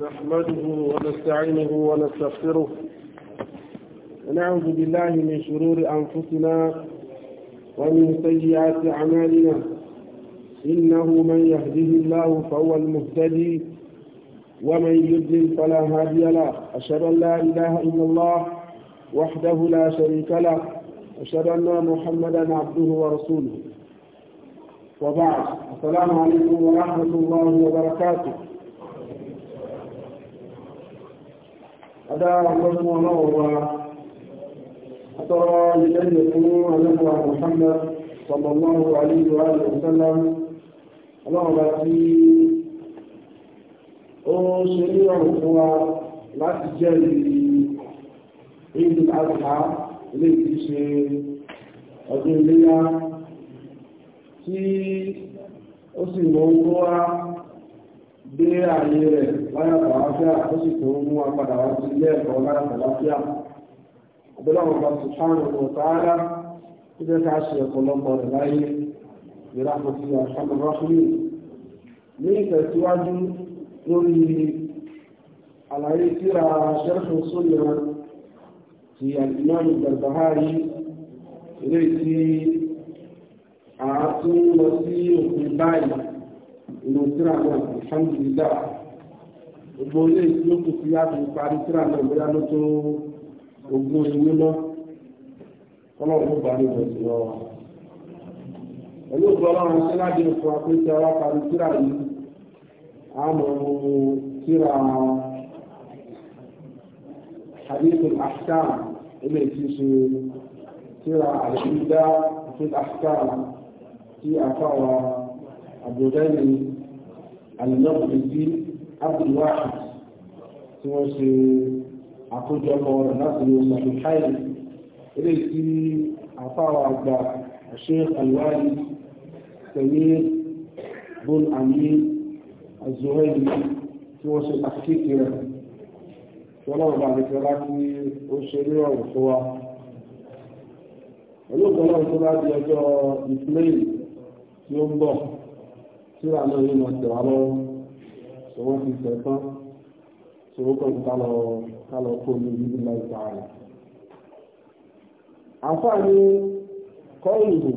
نحمده ونستعينه ونستغفره ونعوذ بالله من شرور أنفسنا ومن سيئات أعمالنا إنه من يهده الله فهو المهتدي ومن يضلل فلا هادي له أشهد أن لا إله إلا الله وحده لا شريك له أشهد أن محمدا عبده ورسوله وبعد السلام عليكم ورحمة الله وبركاته dá ọgbọ́n fún ọlọ́wọ́ wa atọ́rọ ìlẹ́yìn fún alẹ́kọ̀ọ́ Muhammad sallallahu alaihi wa sallam ọlọ́wọ́ bá tí ó ṣe ní ọ̀rùn fún wa láti jẹ́ ìlú àgbà ilé ti tí ó sì mọ̀ ń kó wá dé ààyè rẹ̀ láyàtọ̀ àáfíà ó sì tó mú apadà wá sí ilé ẹ̀kọ́ láyàtọ̀ láfíà ọ̀bẹ̀láwọn ọba subhanahu wa ta'ala tó jẹ́ ká ṣe ọ̀pọ̀lọpọ̀ rẹ̀ láyé ìrápọ̀ sí àṣàmì rọ́ṣùlì ní ìtẹ̀síwájú lórí àlàyé síra ṣẹ́fù sólè ti àdìmọ́nì Barbahari ilé tí a tún lọ sí òfin báyìí ìlú tíra náà alhamdulilá gbogbo ilé ìlókù tí a ti parí tíra náà bóyá ló tó ogún inú lọ ọlọ́run bá ní ìbọ̀sí lọ. pẹ̀lú ìgbọ́lọ́run tí láti fún apẹ́tẹ alákàrí tíra yìí a mọ̀ ọ́nù tíra hadithul ahkam ilé ṣe tíra أبو ذر المقدسي عبد الواحد توسي أقول جمهور الناس المصحيحين إليكي أعطاه عبد الشيخ الوالي سمير بن أمين الزهيري توسي الأحكيكي ọlọ́run bá lè fẹ́lá kí ó ṣe rí ọ̀rọ̀ fún wa olóògbé ọlọ́run tó bá di ọjọ́ ìpínlẹ̀ tí ó ń bọ̀ síra náà ní wọn tẹ̀wá lọ́wọ́ tí wọ́n ti tẹ̀ tán tí wọ́n kàn ká lọ ká lọ kó ní ibi láì ta rẹ̀. àǹfààní kọ́ọ̀lù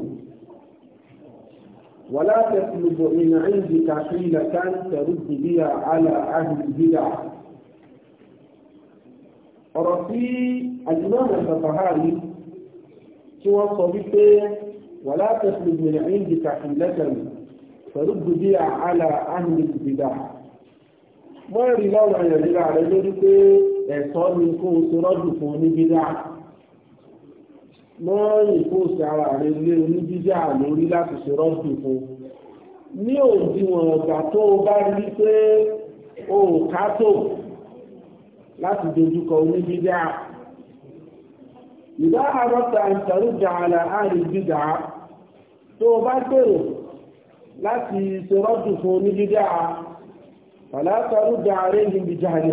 ولا تسلب من عندك حيلة ترد بها على أهل البدع ọ̀rọ̀ tí àjùmọ̀nà sàfàhárì tí wọ́n sọ wípé wà látẹ̀sùn ìgbìyànjú ìdíkà ìlẹ́tẹ̀lù pẹ̀lú gbòdìyà àlà àmì ìgbìdà wọ́n rí lọ́wọ́ ìrìnlá rẹ lórí pé ẹ̀tọ́ ni kó o ṣe rọ́dù fún oníbídà wọ́n rí kó o ṣe ara rẹ lé oníbídà lórí láti ṣe rọ́dù fún ní òdiwọ̀n ọ̀gbà tó o bá rí pé o ká tó láti dojúkọ oníbídà ìdá àrọ́ta àlà àrí tó o bá gbèrò láti ṣe rọ́dù fún onídídá fàlátàrú dáàrẹ́ yìí bí jáde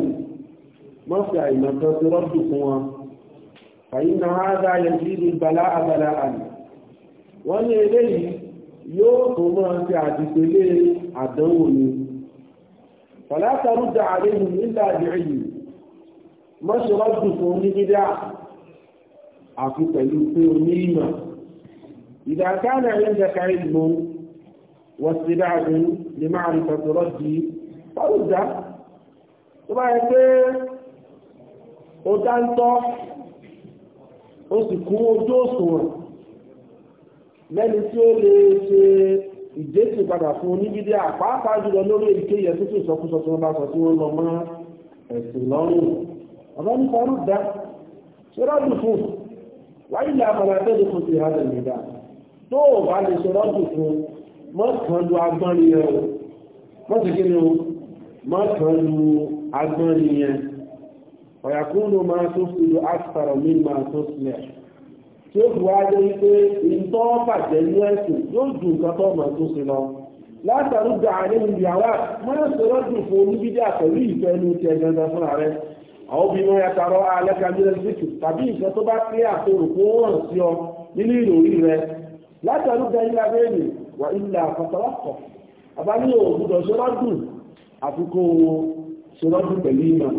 wọ́n fi àìmọ̀ kan ṣe rọ́dù fún wọn fàyí na ha dá yẹ sí ní bala abala àmì wọ́n ní eléyìí yóò tó máa fi àdìpélé àdánwò ni fàlátàrú dáàrẹ́ yìí nígbà àdìrẹ́ yìí wọ́n ṣe fún onídídá àfi pẹ̀lú pé onímọ̀ ìdàkánà ẹ̀ ń dẹ̀ka ìgbóhùn واستباعة لمعرفة رده فرده tó bá yẹ pé ó dáńtọ́ ó sì kún ojú òṣùwọ̀n lẹ́ni tí ó lè ṣe ìdésì padà fún onígídé àpáàpá jùlọ lórí èdèké yẹ tó tún ìsọkúsọ tí wọ́n bá sọ tí wọ́n lọ mọ́ ẹ̀sìn lọ́rùn ọ̀rọ̀ nípa rúdà ṣe rọ́dù fún wáyé ìlà àpàlà tẹ́lẹ̀ fún ti ìhàdà ìgbà tó o bá lè ṣe rọ́dù fún mọ́kàn lu agbọ́nrin yẹn o mọ́sí kí o agbọ́nrin yẹn ọ̀yàkúnnù máa tó fi lu asfàrọ̀ máa tó sílẹ̀ tí ó fi wá dé wípé ìtọ́ bàjẹ́ ní yóò ju nǹkan tó máa tó sí lọ látàrí ìyàwó máa sọ̀rọ̀ fún oníbídé ìfẹ́ inú ti ẹgbẹ́ ẹgbẹ́ fúnra àwọn obìnrin tàbí nǹkan tó bá pé àtòrò kó hàn ọ nínú rẹ. látàrí gẹ̀yìnlá bẹ́ẹ̀lì wà ilẹ̀ àfọ́tọ́wọ́pọ̀ àbáyé òbúdọ̀ ṣọ́lọ́dún àfikò ṣọ́lọ́dún pẹ̀lú ìmọ̀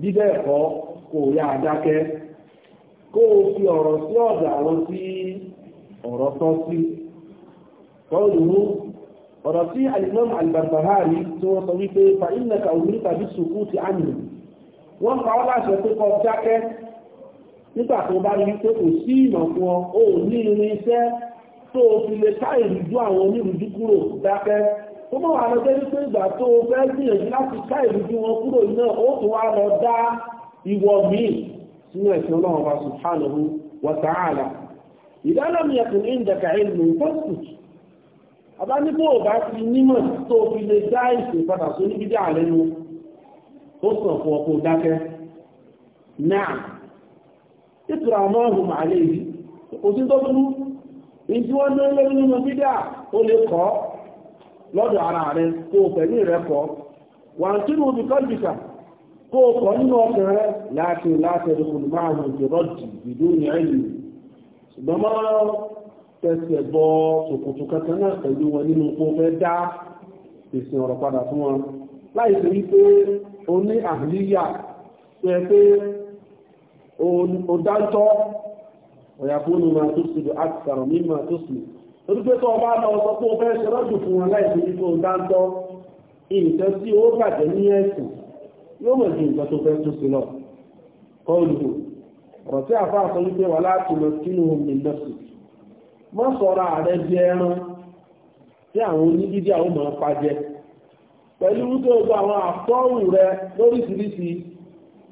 bíbẹ̀ ẹ̀kọ́ kò yá àdákẹ́ kó o fi ọ̀rọ̀ sí ọ̀dọ̀ àwọn tí ọ̀rọ̀ tọ́ sí tọ́lùú ọ̀rọ̀ tí alimam albarbahari tí wọ́n sọ wípé fa ilẹ̀ kàwùrí tàbí sùkú ti àmì wọ́n pa ọ́ láṣẹ pé kọ́ dákẹ́ nígbà tó bá rí pé kò sí ìmọ̀ fún ọ ó ní irinṣẹ́ tó o fi lè ká ìrújú àwọn onírújú kúrò dákẹ́ tó mọ̀ wà lọ jẹ́ wípé ìgbà tó o fẹ́ gbìyànjú láti ká ìrújú wọn kúrò náà ó tún wá lọ dá ìwọ míì sínú ẹ̀sìn ọlọ́run wa subhanahu wa ta'ala ìdálọ́mì ẹ̀kùn ní ìdẹ̀kà ìlú fọ́sùt àbá ní bó bá ti nímọ̀ tó fi lè dá ìsìn padà sóní bídá àlẹ́nu ó sàn fún ọkọ̀ dákẹ́ náà ìtura mọ́ọ̀hùn màálé yìí kò sí tó burú ní tí wọ́n lé nínú bídà ó lè kọ́ lọ́dọ̀ ara rẹ̀ kó pẹ̀lú rẹ̀ kọ́ wà ń tínú bí kọ́lùkà kó kọ́ nínú ọkàn rẹ̀ láti láti ẹ̀dùkùn márùn ìdìrọ́jì ìdú ní ẹ̀yìn ṣùgbọ́n máa tẹ̀sẹ̀ bọ ṣòkòtò kankan náà pẹ̀lú wọn nínú kó fẹ́ dá ìsìn ọ̀rọ̀ padà fún o ní àhìlíyà òdáńtọ́ ọ̀yàfóònù máa tó sílò àtìsàrọ̀ mí máa tó sílò orúgbé tó ọba lọ sọ pé ó fẹ́ ṣe rọ́jù fún wọn láìsí nípa òdáńtọ́ nǹkan tí ó bàjẹ́ ní ẹ̀sìn yóò mọ̀ ju nǹkan tó fẹ́ tó sí lọ kọlù ọ̀rọ̀ tí àfa sọ wípé wà láti lọ sínú omi lọ́sùn má sọ̀rọ̀ ààrẹ di ẹran tí àwọn onídídí àwọn máa pa jẹ pẹ̀lú wípé gbogbo àwọn àtọ́rù rẹ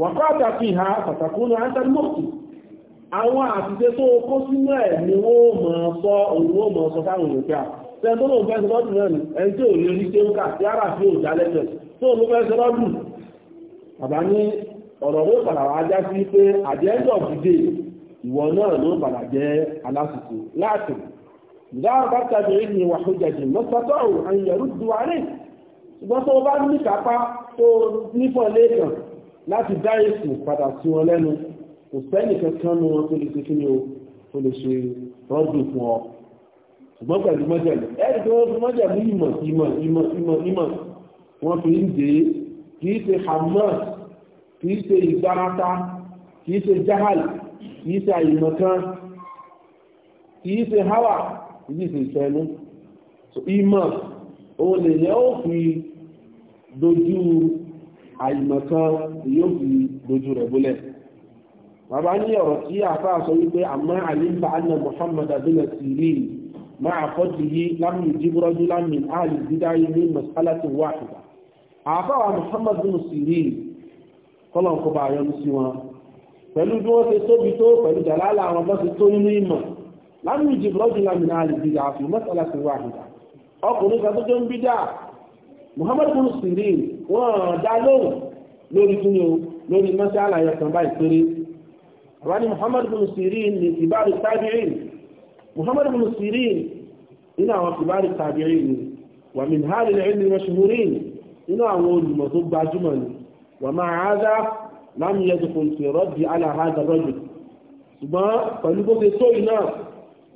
wàkọ́ta fi ha pàtàkùnú àtàlmọ́tì àwọn àtìsẹ́ tó kó sínú ẹ̀ ni wọ́n mọ̀ sọ òun ó mọ̀ sọ fáwọn òyìnbá tẹ́ntó ah, ló ń fẹ́ sọ́dún náà ni ẹni tí ò lè rí tí ó kà sí ara fi òjá lẹ́sẹ̀ tó ló fẹ́ sọ́dún bàbá ní ọ̀rọ̀ ó padà wá já sí pé àjẹ́jọ́ òdìdè ìwọ náà ló padà láti dá èsì padà sí wọn lẹ́nu kò sẹ́ni kankan nu wọn tó lè ṣe kíni o tó lè ṣe rọ́dùn fún ọ ṣùgbọ́n pẹ̀lú mọ́jẹ̀lú ẹ̀rí tí wọ́n fi mọ́jẹ̀lú ìmọ̀ ìmọ̀ ìmọ̀ ìmọ̀ ìmọ̀ wọ́n fi ń dé kì í ṣe hamas kì í ṣe ìgbárata kì í ṣe jahal kì í ṣe àyìnmọ̀kan kì í ṣe hawa kì í ṣe ìfẹ́nu ìmọ̀ òun lèyẹ ó fi dojú àìmọ̀kan yóò fi dojú rẹ̀ bólẹ̀ bàbá ní ọ̀rọ̀ tí àfa sọ wípé àmọ́ àyínbá anna muhammad abdul sirin máa fọ́jú yìí lámì ìdíbúrọ́jú lámì àlì dídáyé ní masalatin wahida àfa wa muhammad bin sirin kọ́lọ̀n kọba àyọnu sí wọn pẹ̀lú bí wọ́n ṣe tóbi tó pẹ̀lú jàlálà àwọn bọ́ ṣe tó nínú ìmọ̀ lámì ìdíbúrọ́jú lámì àlì dídáyé masalatin wahida ọkùnrin kan tó jẹ́ ń bídà Muhammad bin Sirin wọ́n dá lóhùn lórí kíni o lórí mọ́sí àlàyé kan báyìí péré àwọn ni Muhammad bin Sirin ní ìbáàrí tabi'in Muhammad bin Sirin nínú àwọn ìbáàrí tabi'in ni wà mí hàrí ní ẹni mashhurin nínú àwọn olùmọ̀ tó gbajúmọ̀ ni wà máa hádá láàmì yẹtù kò sì rọ́bì aláhádá rọ́bì ṣùgbọ́n pẹ̀lú bó ṣe tó yìí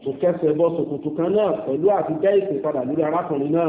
kò kẹsẹ̀ bọ́ sòkòtò kan náà pẹ̀lú àti bẹ́ẹ̀ ìsìn padà lórí arákùnrin náà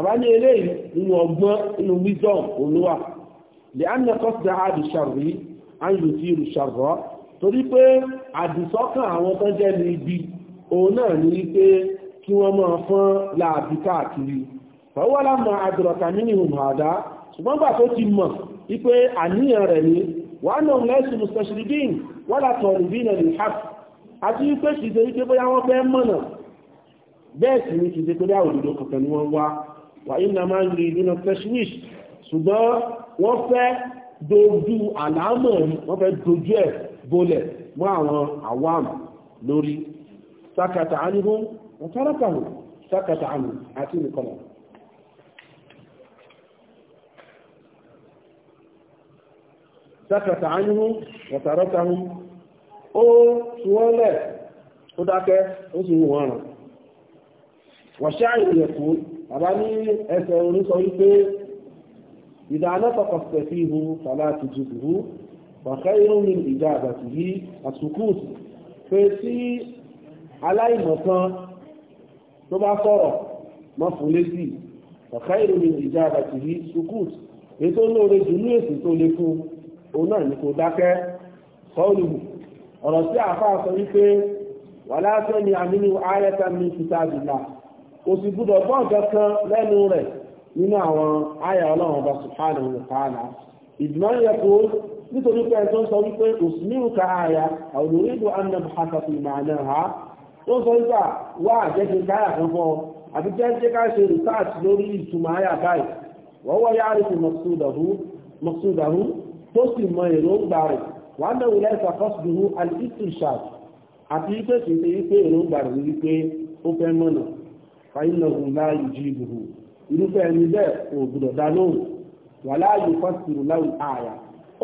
bàbá ní eléyìí nínú ọgbọ́n nínú wisdom olúwa lè á nà kọ́sìdá àdìsàrí àyùtí ìrùsàrọ́ torí pé àdìsọ́kàn àwọn tó jẹ́ ní ibi òun náà ní wípé kí wọ́n máa fọ́n láàbí káàkiri fọwọ́ lámà àdìrọ̀kà nínú ìhùn àdá ṣùgbọ́n gbà tó ti mọ̀ wípé àníyàn rẹ̀ ni wàá náà lẹ́sùn mùsùlùmí wọ́n látọ̀ rìbí nà lè hàpù àti wípé kìí ṣe wípé bóyá wọ́n fẹ́ mọ̀nà bẹ́ẹ̀ sì ni kìí ṣe pé dáwò òdodo kankan ni wọ́n wá wa náà ma ń lè nínú tẹ́síwìsì ṣùgbọ́n wọ́n fẹ́ dojú àlámọ̀ wọ́n fẹ́ dojú ẹ̀ bolẹ̀ mọ́ àwọn awam lórí sákàtà bàbá ní ẹsẹ̀ orin sọ wípé ìdánẹ́tọ̀kọ̀ tẹ̀sí ihu tàbí àtijọ́ ìhú bàkẹ́ ìròyìn ìjà àbàtì yìí àsùkúùtù pé tí aláìmọ̀kan tó bá sọ̀rọ̀ mọ́ fún létí bàkẹ́ ìròyìn ìjà àbàtì yìí sùkúùtù ètò olóore jù ní èsì tó le fún òun náà ní kò dákẹ́ sọ́ọ̀lù ọ̀rọ̀ tí àáfàá sọ wípé wàlá sẹ́ni àmínú ayẹta mi kìtàbìlà kò sì gbúdọ̀ gbọ́ kankan lẹ́nu rẹ̀ nínú àwọn àyà ọlọ́run ọba subhanahu wa ta'ala ìdùnnà yẹ kó nítorí pé ẹjọ́ sọ wípé òsínú ka àyà àwọn orílẹ̀-èdè anam hasafi màánà ha ó sọ wípé wà jẹ́jẹ́ káyà kan fọ́ àti jẹ́jẹ́ ká ṣe rìsáàtì lórí ìtumọ̀ àyà báyìí wọ́n wọ́n yá àrífù mọ̀súdàhù tó sì mọ èròǹgbà rẹ̀ wọ́n náà wùlẹ̀ ìsàkọ́sùdùhù alìsìṣà àti wípé kìí wípé èròǹgbà rẹ̀ wípé ó fẹ́ mọ̀nà fàyínàhùn láàyè jí ìbùhù irúfẹ́ ẹni bẹ́ẹ̀ kò gbọdọ̀ dá lóhùn wà láàyè fásitì láwùn ààyà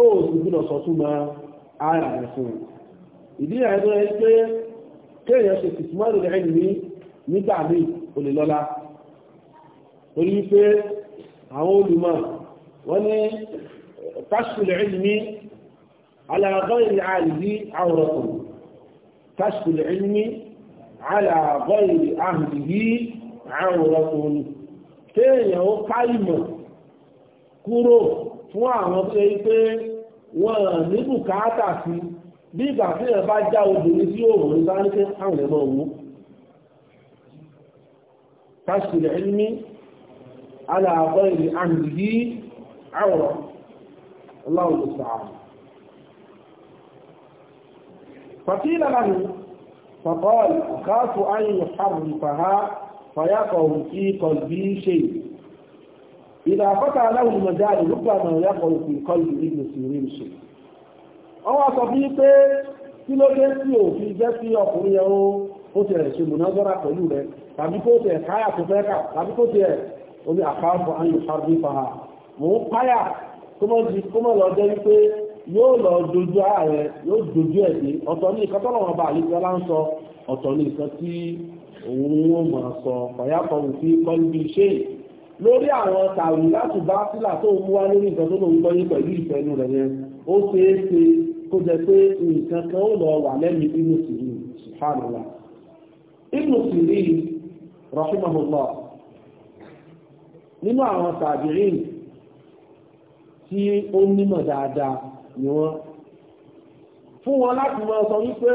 ó sì gbọdọ̀ sọtúmọ̀ ààyà rẹ̀ fún un ìdí ẹ̀ tó yẹ pé kéèyàn ṣe tìtìmọ́rù rẹ̀ ní nígbà míì ò lè lọ́lá torí pé àwọn olùmọ̀ wọ́n ní kashfu al-ilmi ala ghayri 'alihi 'awratun kashfu al-ilmi aláàbọ̀ ìrì àmìrí àrùn ọkùnrin kéèyàn ó káìmọ̀ kúrò fún àwọn tó yẹ pé wọ́n ní bùkátà sí bí ìgbà tí ẹ̀ bá já obìnrin tí yóò rìn bá ní pé àwọn ẹ̀mọ́ òun tásìlẹ̀ ní aláàbọ̀ ìrì àrùn ọlọ́run sàárù fàtílà lánàá فقال أخاف أن يحرفها فيقع في قلبي شيء إذا فتح له المجال ربما يقع في قلب ابن سيرين شيء أو أصبيته kí ló dé tí ò fi jẹ́ sí ọkùnrin yẹn ó ti ẹ̀ ṣe mùnázọ́rà pẹ̀lú rẹ̀ tàbí kó ti ẹ̀ káyà tó fẹ́ kà tàbí kó ti ẹ̀ omi àkáàfọ̀ ayò fàbí fàá mò ń páyà kó mọ̀ lọ jẹ́ wípé yóò lọ dojú ààrẹ yóò dojú ẹ̀dẹ́ ọ̀tọ̀ ní ìkan tọ́lọ̀ wọn bá àlejò ọlá ń sọ ọ̀tọ̀ ní ìkan tí òun ó mọ̀ sọ ọ̀yàtọ̀ òfin kọ́lùbí ṣe lórí àwọn tààrí láti bá sílà tó mú wá lórí nǹkan tó lòun gbọ́yé pẹ̀lú ìfẹ́nu rẹ̀ yẹn ó ṣeé ṣe kó jẹ pé nǹkan kan ó lọ wà lẹ́mìí nínú sírí ṣùfàlùlà nínú sírí rahimahullah nínú àwọn tàbírin tí ó nímọ̀ dáadáa ni wọ́n fún wọn láti mọ́ sọ wípé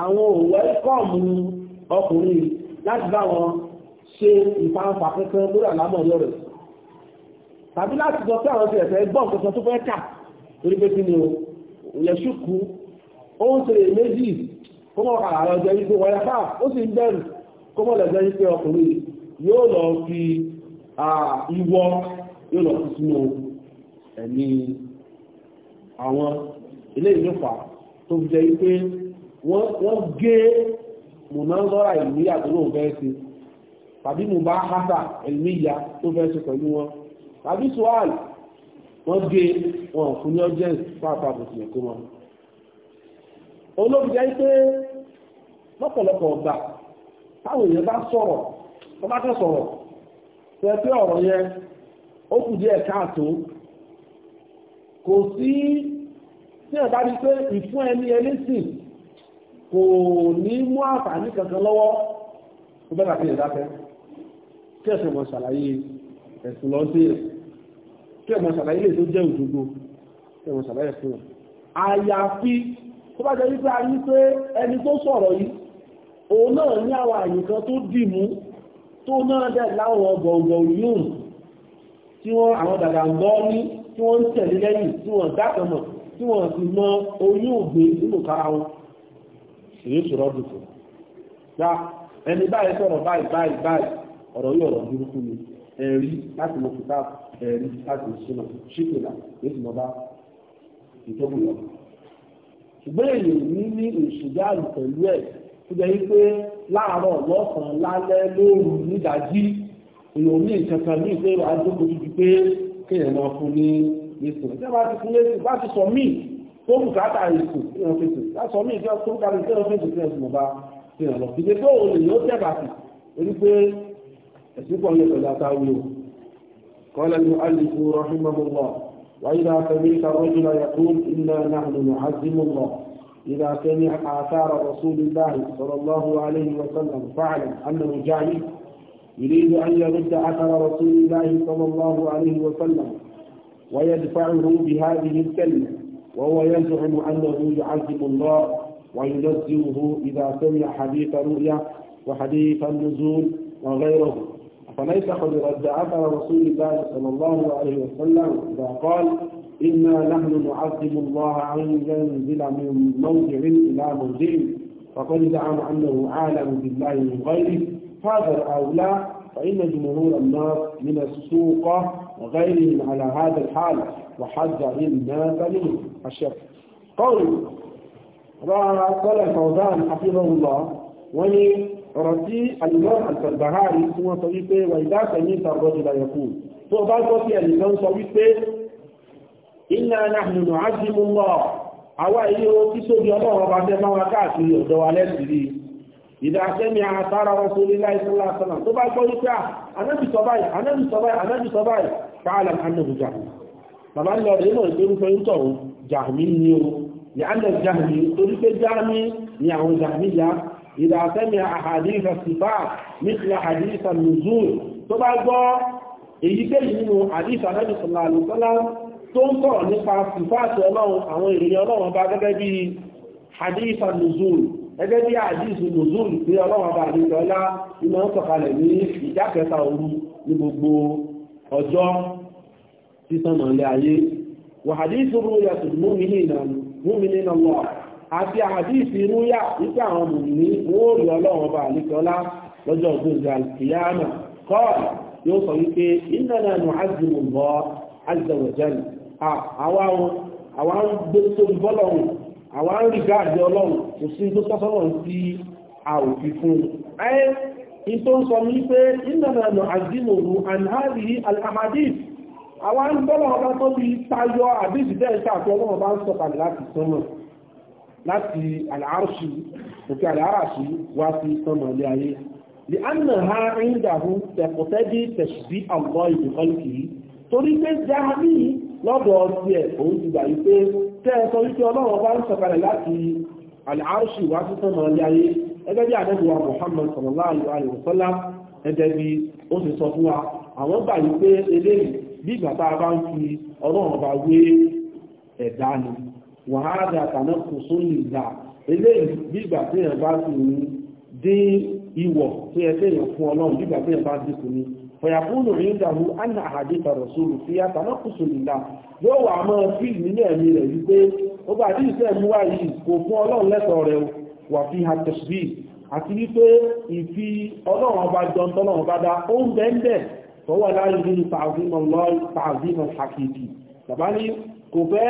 àwọn òwò ẹ́kọ́ọ̀mù ọkùnrin láti bá wọn ṣe ìfàǹfà kankan lórí àlámọ̀rí rẹ̀ tàbí láti sọ pé àwọn ti ẹ̀fẹ́ gbọ́n kankan tó fẹ́ kà torí pé kí ni o yẹ̀ṣùkú ó ń ṣe èméjì kó mọ̀ kàrà lọ jẹ́ wípé wọ́n yẹfà ó sì ń bẹ̀rù kó mọ̀ lọ jẹ́ wípé ọkùnrin yóò lọ fi ìwọ yóò lọ fi sínú ẹ̀mí àwọn ilé ìlúfà tó jẹ́ wípé wọ́n gé mùnánzọ́ra ìlúyà tó lóun fẹ́ sí tàbí mo bá hásà ẹ̀lúyà tó fẹ́ sí pẹ̀lú wọn tàbí suwal wọ́n gé wọn fún ní ọjẹ́ǹs pàápàá bó tilẹ̀ kó wọn. olóògbé jẹ́ pé lọ́pọ̀lọpọ̀ ọgbà táwọn èèyàn bá sọ̀rọ̀ wọ́n bá tẹ̀ sọ̀rọ̀ fẹ́ pé ọ̀rọ̀ yẹn ó kù díẹ̀ káàtó kò sí tí ẹ̀ bá rí pé ìfún ẹni ẹlẹ́sìn kò ní mú àǹfààní kankan lọ́wọ́ ó bẹ́ẹ̀ bàtí ìdáfẹ́ kí ẹ̀sìn mọ̀ ṣàlàyé ẹ̀sìn lọ sí rẹ̀ kí ẹ̀mọ̀ ṣàlàyé lè tó jẹ́ òdodo kí ẹ̀mọ̀ ṣàlàyé fún wọn. àyàfi tó bá jẹ́ wípé a rí pé ẹni tó sọ̀rọ̀ yìí òun náà ní àwọn àyè kan tó dì mú tó náà dẹ̀ láwọn gbọ̀ngbọ̀ yóò tí wọ́n àwọn dàgbà ń bọ́ ní tí wọ́n ń tẹ̀lé lẹ́yìn tí wọ́n dákan mọ̀ tí wọ́n ti mọ oyún ògbé nínú kára wọn èyí sọ̀rọ̀ dùkọ̀ ya ẹni báyìí sọ̀rọ̀ báyìí báyìí báyìí ọ̀rọ̀ yóò rọ̀ burúkú ni ẹ̀rí láti mọ kìtà ẹ̀rí láti súnà ṣíkìlà èyí mọ bá ìtọ́jú lọ. ṣùgbọ́n èyí ní ní ìṣùgbọ́n pẹ̀lú ẹ̀ tó jẹ́ pé láàárọ̀ lọ́sàn-án lálẹ́ lóru nídàájí èèyàn ní ìkankan ní ìpínlẹ̀ àdókòtò ju pé kéèyàn máa fún ní ètò tí wọ́n ti fún lẹ́sìn bá ti sọ míì tó kù káàtà ètò tí wọ́n fètò bá sọ míì tí wọ́n tó kàrí tí wọ́n fètò tí wọ́n bá fi hàn lọ. ìdè tó olè yóò tẹ̀ bàtì orí pé ẹ̀sìn pọ̀ lè pẹ̀lú àtàwọn o. قال المؤلف رحمه الله وإذا سمعت الرجل يقول إنا نحن نعظم الله إذا سمع آثار رسول الله صلى الله عليه وسلم فاعلم أنه جاهل يريد أن يرد أثر رسول الله صلى الله عليه وسلم ويدفعه بهذه الكلمة وهو يزعم أنه يعذب الله وينزله إذا سمع حديث رؤيا وحديث النزول وغيره فليس قد رد أثر رسول الله صلى الله عليه وسلم إذا قال إنا نحن نعظم الله أن ينزل من موضع إلى موضع فقد زعم أنه عالم بالله من غيره هذا الأولى فإن جمهور الناس من السوق غيرهم على هذا الحال وحذر الناس منه الشرك قول رأى قال الفوزان حفظه الله وني رتي المرء البهاري ثم طريقه وإذا سمعت الرجل يقول فبعد وفي الإنسان طريقه نحن نعظم الله àwa èyí o tí sóbi ọlọ́run ọba jẹ́ máa káàkiri ọ̀dọ̀ wa lẹ́sìrí ìdá sẹ́mi àtàrà ọ̀sọ̀lélá ìsọ́lá sọ́nà tó bá gbọ́ wípé anábì sọ báyìí anábì sọ báyìí anábì sọ báyìí fa'alam annahu jahmi bàbá lọ rẹ̀ náà ìgbérú fẹ́ ń tọ̀ jahmi ni o ní alẹ́ jahmi torí pé jahmi ni àwọn jahmi ya ìdá sẹ́mi ahadith sifa mithla ahadith nuzul tó bá gbọ́ èyíkéyìí nínú hadith anábì sallallahu alaihi ọlọ́run bá gẹ́gẹ́ bí hadith nuzul gẹ́gẹ́ bí àdìsù lòzùn pé ọlọ́wọ́n bá àdìsù ọlá iná ń sọ̀kalẹ̀ ní ìjà kẹta òru ní gbogbo ọjọ́ sísànmọ̀ ilé ayé wà àdìsù rúyà tó múmìnì náà wọ̀ àti àdìsù rúyà nípa àwọn mùmìnì wọ́n àwọn ń rí gáàdì ọlọ́run kò sí tó tọ́sọ́rọ̀ sí àòfì fún ẹ́ in tó ń sọ ní pé ìnàdànà àdínòrò àìhárí alhamadiz àwọn ń bọ́lọ̀ ọba tó bí tayọ àbíjì bẹ́ẹ̀ sáàtì ọlọ́run bá ń sọ̀kalẹ̀ láti sánmà láti àlàárùsù òkè àlàáràsù wá sí sánmà ilé ayé lè ánà ha ń dàrú tẹ̀kọ̀tẹ́dì tẹ̀sùbí àwọn ìdìkọ́lùkì torí pé jáàmì lọ́dọ̀ ọtí ẹ̀ òun ti gbà yí pé tẹ́ ẹ sọ wípé ọlọ́run bá ń sọ̀kalẹ̀ láti àlàáṣì wá sí sọ́nà ilé ayé ẹgbẹ́ bí àdẹ́bù wa Muhammad sallallahu alaihi wasallam ẹgbẹ́ bí ó sì sọ fún wa àwọn gbà yí pé eléyìí bí ìgbà tá a bá ń fi ọlọ́run bá wé ẹ̀dá ni wàhálà àtàná kò sóyè ìgbà eléyìí bí ìgbà téèyàn bá sì ń dín ìwọ̀ tó yẹ téèyàn fún ọlọ́run bí ìgbà fọ̀yàkúnlò ní أن anna الرسول rọ̀sùlù sí àtàlọ́kùsù nìlá yóò wà mọ́ sí ìnílẹ̀ mi rẹ̀ wípé ó bá tí ìṣẹ́ mú wáyé kò fún ọlọ́run lẹ́tọ̀ọ́ rẹ̀ wà fi ha tẹ̀sí àti wípé ìfi ọlọ́run ọba jọ tọ́lọ́run ọba dá ó ń bẹ́ ń bẹ̀ fọwọ́ láyé nínú tààzímọ̀ hakiki bàbá ní kò fẹ́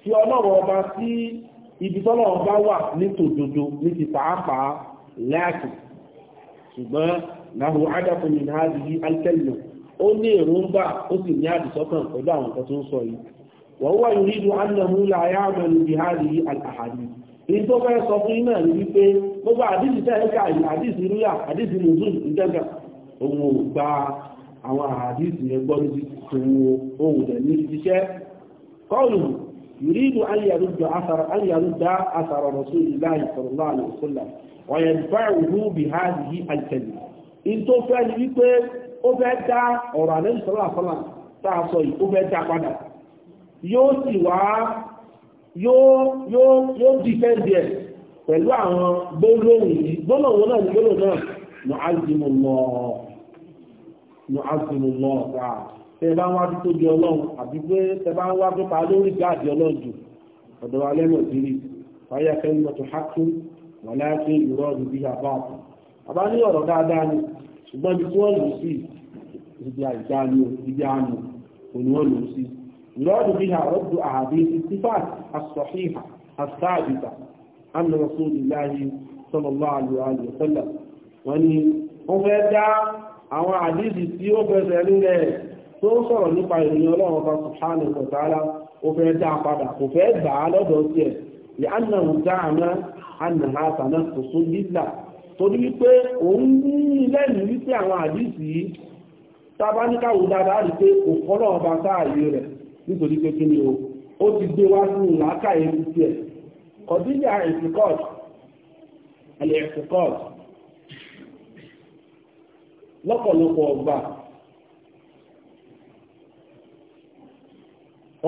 fi ọlọ́run ọba sí ibi tọ́lọ́run wà ní tòdodo ní ti pàápàá láàkì ṣùgbọ́n láhùn ádàkùn ní hàzìí alkẹ́lù ó ní èròǹgbà ó sì ní àdìsọ́kàn pẹ̀lú àwọn nǹkan tó ń sọ yìí wọ́n wà ní ìdù annamúlà ayáàmẹ́lú bí hàzìí alàhàdì èyí tó fẹ́ sọ fún iná ní wípé gbogbo àdìsí tẹ́ẹ̀ká àdìsí rúyà àdìsí nùzùn ìjẹ́gà òun ò gba àwọn àdìsí ẹgbọ́ ní tòun ohun rẹ̀ ní iṣẹ́ kọlù yìrìdù ayàrúdà asàrọ̀ rọ̀sùn ìlà ìsọ̀rọ̀lá àlùsọ́là wọ̀nyẹ̀ bá ìhú bí hàzìí alkẹ́lù in tó fẹ́ ni wípé ó fẹ́ dá ọ̀rọ̀ àlẹ́ ìṣọ́lá àfọ́là tá a sọ yìí ó fẹ́ dá padà yóò sì wá yóò yóò yóò dìfẹ́ǹdì ẹ̀ pẹ̀lú àwọn gbólóhùn yìí gbólóhùn náà ní gbólóhùn náà nù ázìmù lọ nù ázìmù lọ ọ̀gá tẹ bá ń wá tó tóbi ọlọ́run àbí pé tẹ bá ń wá tó pa lórí gáàdì ọlọ́run jù ọ̀dọ̀ wa lẹ́nu òbí rí fàyà kẹ́lí mọ́tò hákú wà láyé pé ìrọ́ọ̀dù bí abáàbò bàbá ní ọ̀rọ̀ dáadáa ni ṣùgbọ́n ibi tí wọ́n lò sí ibi àìjáni ibi àánú òní wọ́n lò sí ìrọ́dù bí àrọ́dù àhàbí sífàt asọ̀híhà asáàbìtà àmì rasúlùláyé sallallahu alaihi wa sallam wọ́n ní wọ́n fẹ́ dá àwọn àdíjì tí ó bẹ̀rẹ̀ nílẹ̀ tó sọ̀rọ̀ nípa torí wípé òun ní lẹ́nu wípé àwọn àdìsí tábá ní káwò dáadáa rí pé kò kọ́lọ̀ ọba sáàyè rẹ̀ nítorí pé kí ni o ó ti gbé wá sí ìlàkà ewu tiẹ̀ kọ̀díjà ẹ̀lẹ́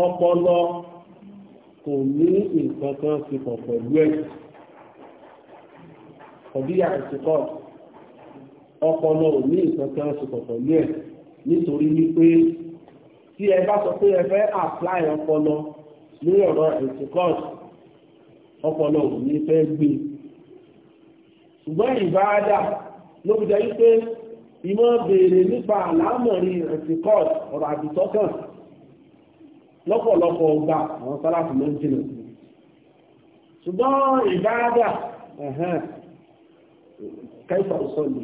ọpọlọ kò ní nǹkan kan ti ọ̀bí àtìkọ́ ọpọlọ ò ní ìkankan ṣùkọ̀ pẹ̀lú ẹ̀ nítorí wípé tí ẹ bá sọ pé ẹ fẹ́ àpláì ọpọlọ lórí ọ̀rọ̀ àtìkọ́ ọpọlọ ò ní fẹ́ gbé ṣùgbọ́n ìbáradà ló fi jẹ́ wípé ìmọ̀ béèrè nípa àlámọ̀rí àtìkọ́ ọ̀rọ̀ àdìtọ́kàn lọ́pọ̀lọpọ̀ ọgbà àwọn sáláàfù ló ń jìnà sí ṣùgbọ́n ìbáradà kaifa usalli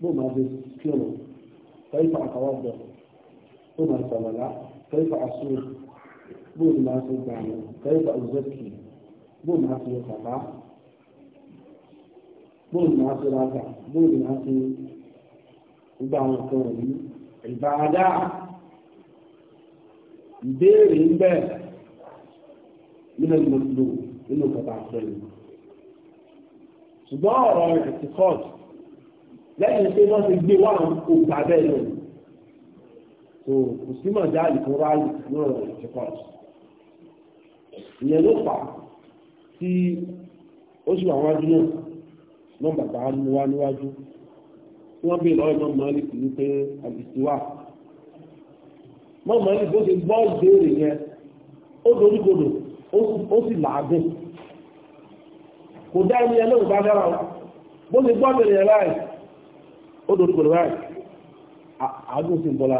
bó máa fi kírun kaifa àtàwọ̀dọ̀ bó máa sàlọ̀lá kaifa àsúr bó ni máa fi gbààyàn kaifa àzẹ́kì bó máa fi sàbá bó ni máa fi rájà bó ni máa fi gbogbo àwọn nǹkan wọ̀nyí ìbáadá ìbéèrè ń bẹ nínú ìmọ̀lúdò nínú kọta àfẹ́yìn ṣùgbọ́n ọ̀rọ̀ ìtìkọ́t lẹ́yìn pé wọ́n ti gbé wàhùn ògbà bẹ́ẹ̀ lò tó kò sí mọ̀ jáde fún ráàlì lọ́rọ̀ ìtìkọ́t ìyẹn ló fà tí ó sì wà wájú náà náà bàbá mú wá níwájú wọ́n bí lọ́wọ́ mọ́ mọ́lì kìí pé àbìsíwà mọ́ mọ́lì bó ti gbọ́ ìbéèrè yẹn ó doríkodò ó sì làágùn kò dá ẹni ẹ lóòrùn bá dára o bó ti gbọ́ bèrè ẹ̀ ó dorí kòrò báyìí àádùn sí ń bọ́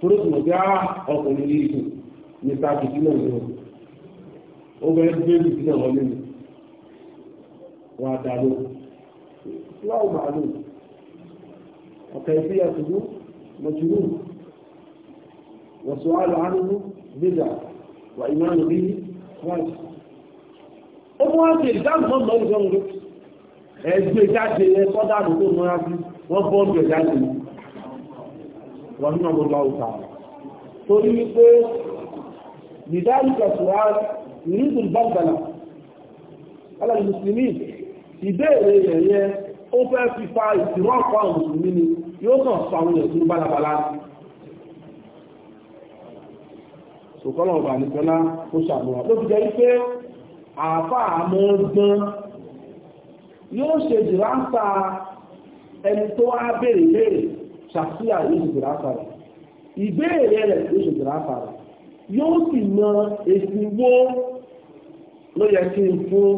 torí kò gbá ah, ọkùnrin yìí dùn ní sáàkì sí náà ó gbé mi dá ló màálù ọ̀kẹ́ wọ̀sùn àlọ́ gbéjà wà ó mú wá sí ìdáhùn mọ́ mọ́ ìgbọ́n ló ẹgbẹ́ jáde ẹ sọ́dá àdúgbò mọ́ wá sí wọ́n bọ́ ọ̀gbẹ̀ jáde wọ́n nínú ọmọ ọ̀tà torí wípé nìdáhùn kẹsùwá ìrìnkùn bọ́ǹgbàlà alàlẹ́ mùsùlùmí ìbéèrè rẹ̀ yẹ ó fẹ́ fi fa ìsìnwọ́ ọ̀pọ̀ àwọn mùsùlùmí ni yóò kàn sọ àwọn èèyàn sínú bálabàlá sòkọ́lọ̀ ọ̀bà nìkan lá ó ṣàbùwà ló fi jẹ́ wípé àáfà àmọ́ gbọ́n yóò ṣe jìrántà ẹni tó wá béèrè béèrè ṣàfíà yóò ṣe jìrántà rẹ̀ ìbéèrè rẹ̀ yóò ṣe jìrántà rẹ̀ yóò sì mọ èsì wó ló yẹ kí n fún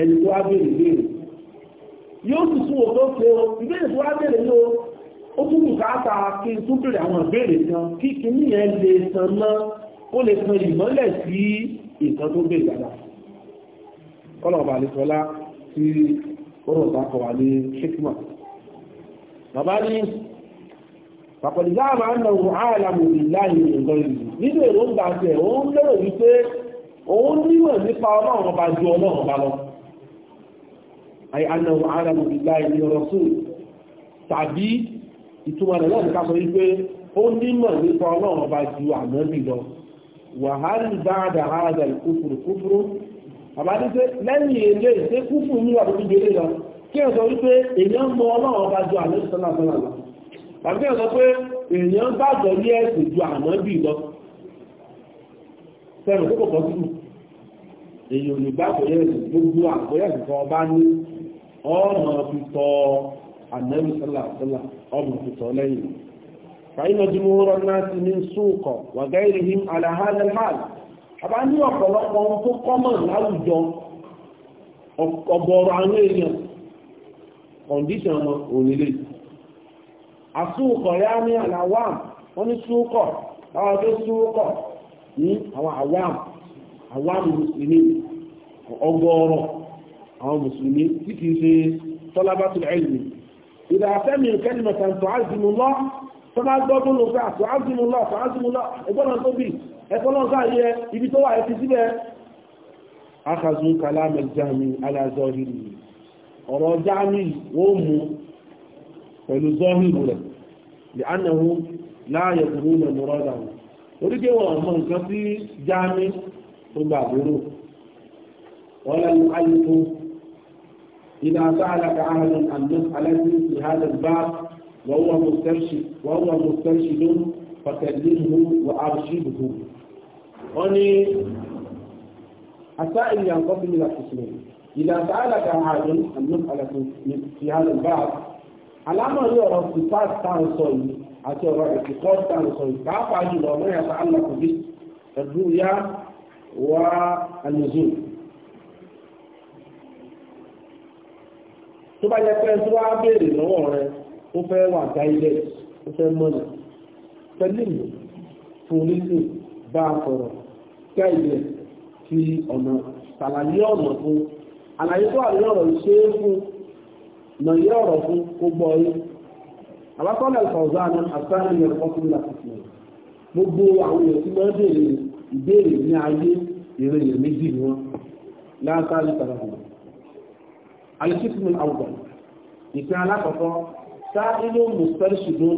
ẹni tó wá béèrè béèrè yóò sì fún òtó ṣe o ìbéèrè tó wá béèrè ló ó tún bùkátà kí n tún béèrè àwọn ìbéèrè kan kí kí ní ẹ lè san mọ́ ó lè san ìmọ́lẹ̀ sí ìkan tó béèrè dáadáa kọ́lọ̀ọ̀bà àlejòọlá tí ọ̀rọ̀ bá kọ̀ wà ní ṣíkímà bàbá ní pàpọ̀lì láàmà ń lọ́wọ́ ààlàmù ìláyé ìrìnlọ́ ìlú nínú èrò ń gbà tẹ̀ òun lérò wípé òun nímọ̀ nípa ọlọ́run ọba ju ọlọ́run ọba lọ àyè ànàwọ̀ ààlàmù ìláyé ní ọ̀rọ̀ sùn tàbí ìtumọ̀ àbádé pé lẹ́yìn èlé ìṣe kúfù ní àbúrú gbélé lọ kí ẹ̀ sọ wípé èèyàn mọ ọlọ́run ọba ju àlẹ́ ìṣọ́nà sọ́nà lọ tàbí ẹ̀ sọ pé èèyàn gbàgbọ́ ní ẹ̀sìn ju ànábì lọ sẹ́nu kókò kan sílù èèyàn lè gbàgbọ́ ní ẹ̀sìn gbogbo àgbọ́yà ìfọ̀ ọba ní ọ̀nà fi tọ ànábì sọ́nà ọmọ fi tọ lẹ́yìn فإن جمهور الناس من سوق وغيرهم على هذا الحال àbá ní ọ̀pọ̀lọpọ̀ ohun tó kọ́mọ̀ láwùjọ ọ̀gọ̀ọ̀rọ̀ àwọn èèyàn kọ̀ǹdíṣàn wọn òrìlè àsúkọ̀ yá ní àlàwà wọ́n ní súkọ̀ àwọn tó súkọ̀ ní àwọn àwàm àwàm mùsùlùmí ọ̀gọ̀ọ̀rọ̀ àwọn mùsùlùmí tí kìí ṣe tọ́lábátìlẹ̀ ìdá tọ́lá gbọ́dún ẹ̀kọ́ náà sáàyẹ ibi tó wà ẹ ti síbẹ̀ akazu kalam jami alazọ́hìrì ọ̀rọ̀ jami wọ́n mú pẹ̀lú zọ́hìrì rẹ̀ lè ánàwó láàyẹ̀ kúrú nà إذا سألك أهل أن نسألك في هذا الباب وهو مسترشد وهو مسترشد fàtẹ̀lẹ́hu wà áṣìbùhù wọ́n ní asá ìyàn kọ́fí ní àtìsílẹ̀ ìlà sáàlàkà ààrùn àmì àlàkù ti hàn bá alámọ̀rí ọ̀rọ̀ sípá táwọn sọ yìí àti ọ̀rọ̀ ìkọ́ táwọn sọ yìí pàápàá jùlọ ọmọ yàtọ̀ àlàkù bí ẹ̀dùn yá wà àlùzùn tó bá jẹ́ pé tí wọ́n á béèrè lọ́wọ́ rẹ̀ ó fẹ́ wà dáilẹ̀ ó fẹ́ mọ̀nà tẹ́lẹ̀ mi fún lílù bá a sọ̀rọ̀ kẹ́yẹ fi ọ̀nà ṣàlàyé ọ̀nà fún àlàyé tó àlẹ́ ọ̀rọ̀ ṣe é fún nàyé ọ̀rọ̀ fún kó gbọ́ yé àbákọ́lẹ̀ ìfọ̀zọ́ àná àtàrí ìyẹn ọkùnrin làkùnrin gbogbo àwọn èèyàn tí wọ́n béèrè ìbéèrè ní ayé ìrìn èèyàn méjì ni wọ́n látàrí tàbàtàbà alìsíkùnrin àwùjọ ìpín alákọ̀ọ́kọ́ sáà ilé mùsùlùmí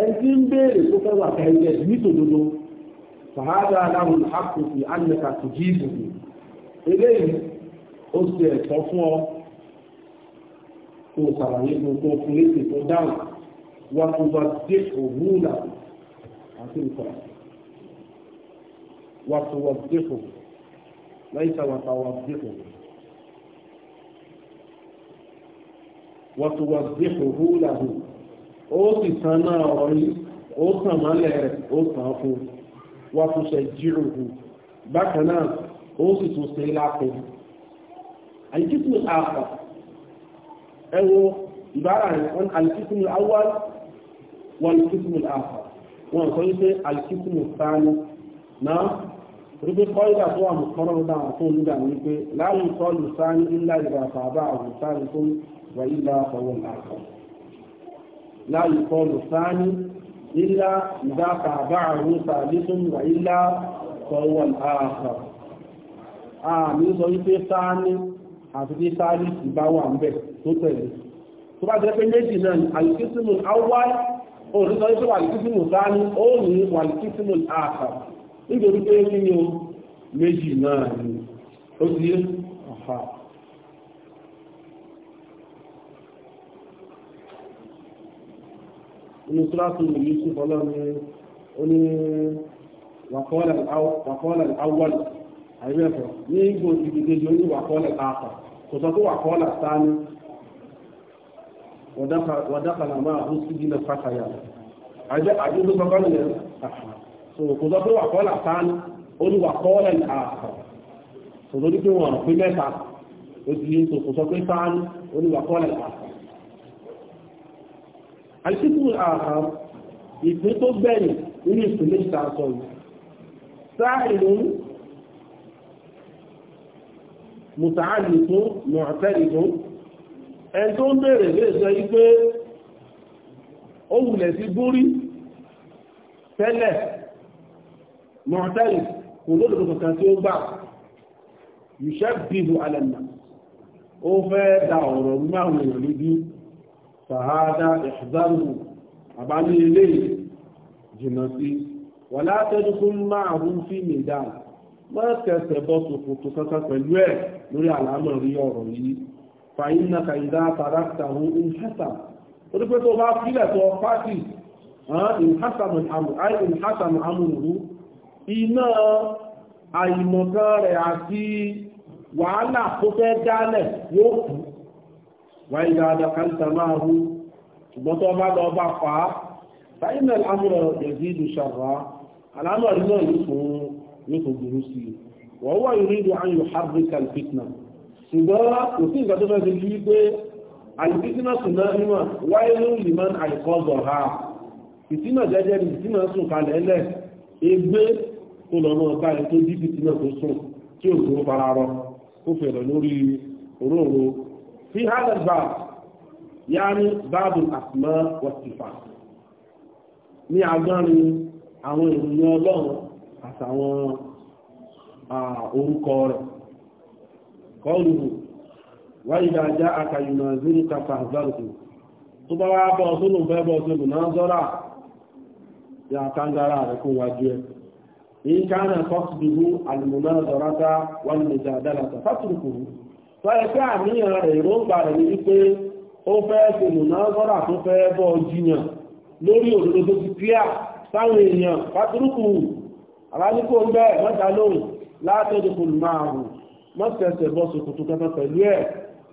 ẹni tí ń béèrè tó fẹ́ wà kẹ́yẹ nítòdodo fàhádà aláwọ̀ àkùnfì ánìyàkà kò jí ìbùkún eléyìí ó ṣe ẹ̀tọ́ fún ọ kò sàlàyé gbogbo fún èsì tó dáhùn wà tó wà dé òwúlà àti ìkọ̀rọ̀ wà tó wà dé òwúlà ليس وتوضحه وتوضحه له ó sì tán náà ọ̀rọ̀ yìí ó tàn mọ́lẹ̀ rẹ̀ ó tàn fún wá tún ṣe jíròrò bákan náà ó sì tún ṣe lápò àìkísùn àpà ẹ wo ìbára rẹ̀ àìkísùn awá wọn àìkísùn àpà wọn sọ wípé àìkísùn sáánú náà rúbí kọ́ìdà tó wà mùkọ́rọ̀ náà fún olúdà ní pé láàrín kọ́ọ̀lù sáánú ńlá ìgbà àpà àbá àwùsáánú tó wà ìlà àpà wọn لا يقال ثاني إلا إذا تابعه ثالث وإلا فهو الآخر àmì sọ wípé sáání àti tí sáání ìbá wà ń bẹ̀ tó tẹ̀lé tó bá jẹ́ pé méjì náà ni alìkísímù awwal òòrùn sọ wípé alìkísímù sáání inú sùràtù Yusuf ọlọ́ni oní wàkọ́ọ̀lẹ̀ awọ́lẹ̀ àìrẹ́fọ̀ ní igbó ìdíkejì oní wàkọ́ọ̀lẹ̀ àpà kò sọ pé wàkọ́ọ̀lẹ̀ sáni wàdákàlà máa hù sí dínà fàkàyà àjẹ́dó sọ kọ́lẹ̀ yẹn so kò sọ pé wàkọ́ọ̀lẹ̀ sáni oní wàkọ́ọ̀lẹ̀ àpà kò sọ pé wọn pé mẹ́ta ó ti yé so kò sọ pé sáni oní àṣìkò àhà ìpín tó gbẹ̀yìn nínú ìpínlẹ̀ ìtàṣọ yìí sáàrùn mùtàálìkún mọ̀tẹ́rìkún ẹn tó ń bèèrè lè sọ wípé ó wùlẹ̀ sí búrí tẹ́lẹ̀ mọ̀tẹ́rì kò lóòdòdó kankan tí ó gbà yùṣẹ́ bíbu alẹ́mà ó fẹ́ da ọ̀rọ̀ mú àwọn èèyàn fàhádá ìṣàzárù àbálé ilé jìnà sí wà látẹ́dùkún máa rú sí nìdá má kẹsẹ̀ bọ́ sòkòtò kankan pẹ̀lú ẹ̀ lórí àlámọ̀ rí ọ̀rọ̀ yìí fàyín na kàyídá tàràkìtà hún ìhásà ó dúpẹ́ tó bá fílẹ̀ tó pàtì ìhásà àmúrú iná àìmọ̀kan rẹ̀ àti wàhálà tó fẹ́ dálẹ̀ yóò kú wáyé dáadáa káńtà máa hù ṣùgbọ́n tó bá lọ bá fà á sáyẹ́nà àmúrọ̀ yazidu sharra aláàmọ̀ rí náà yìí fún ní kò burú sí i wọ́n wà yuridu an yuharrika al-fitna ṣùgbọ́n kò sí nǹkan tó fẹ́ ṣe yí pé alìfitínà sùnà mímọ̀ wáyé ló lìmọ́ àìkọ́zọ̀ ha fìtínà jẹ́jẹ́ ní fìtínà sùn kalẹ̀ lẹ̀ egbé tó lọ mọ́ ọba ẹ̀ tó dí fìtínà tó sùn tí ò tó fara rọ ó fẹ̀rẹ̀ lórí òróòrò في هذا الباب يعني باب الأسماء والصفات ní agbárin àwọn ìròyìn ọlọ́run àtàwọn orúkọ rẹ̀ kọlùhù wáyé aka àkàyùnà zíríkà fàzárùkù tó bá wá bọ́ sínú bẹ́bọ̀ sínú náà zọ́rà ya kangara rẹ̀ kún wájú alìmọ̀nà zọ́rátá fàtùrùkù tọ́yẹ pé àníyàn rẹ̀ ìróǹgbà rẹ̀ ní wípé ó fẹ́ fòmùnà sọ́dà tó fẹ́ bọ́ jiyàn lórí òdodo tó ti clear sáwọn èèyàn pátúrúkù aláníkò ń bẹ́ẹ̀ mọ́ta lóhùn látọ́jọ́ fòmùnààrù mọ́sẹ̀ẹ̀sẹ̀ bọ́ sòkòtò kankan pẹ̀lú ẹ̀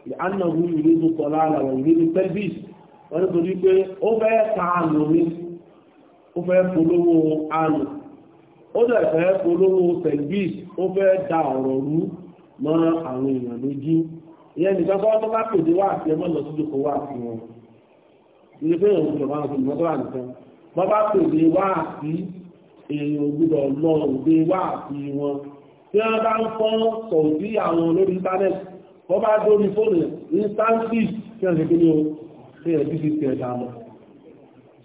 ìhánàwó ìrírí tọ́lá àlàwọ̀ ìrírí tẹ́lbìs wọ́n tó rí pé ó fẹ́ ta ànù ní ó fẹ́ polówó ànù ó dẹ̀ fẹ́ polówó tẹ́lbìs ó fẹ́ da ọ̀rọ̀ rú mọ́ àwọn èèyàn lójú ìyẹn nìkan tó wọ́n tó bá pèsè wá àti ẹmọ́ lọ síjòkó wá àti wọn ilé pé èèyàn gbọdọ̀ máa gbọdọ̀ tó wà nìkan bá pèsè wá àti èèyàn gbọdọ̀ lọ òde wá àti wọn tí wọ́n bá ń fọ́n sọ̀dí àwọn lórí íńtánẹ́ẹ̀tì wọ́n bá dórí fóònù instancy tí wọ́n ṣe kí ni o ṣe ẹ̀bí ti tẹ̀ dànù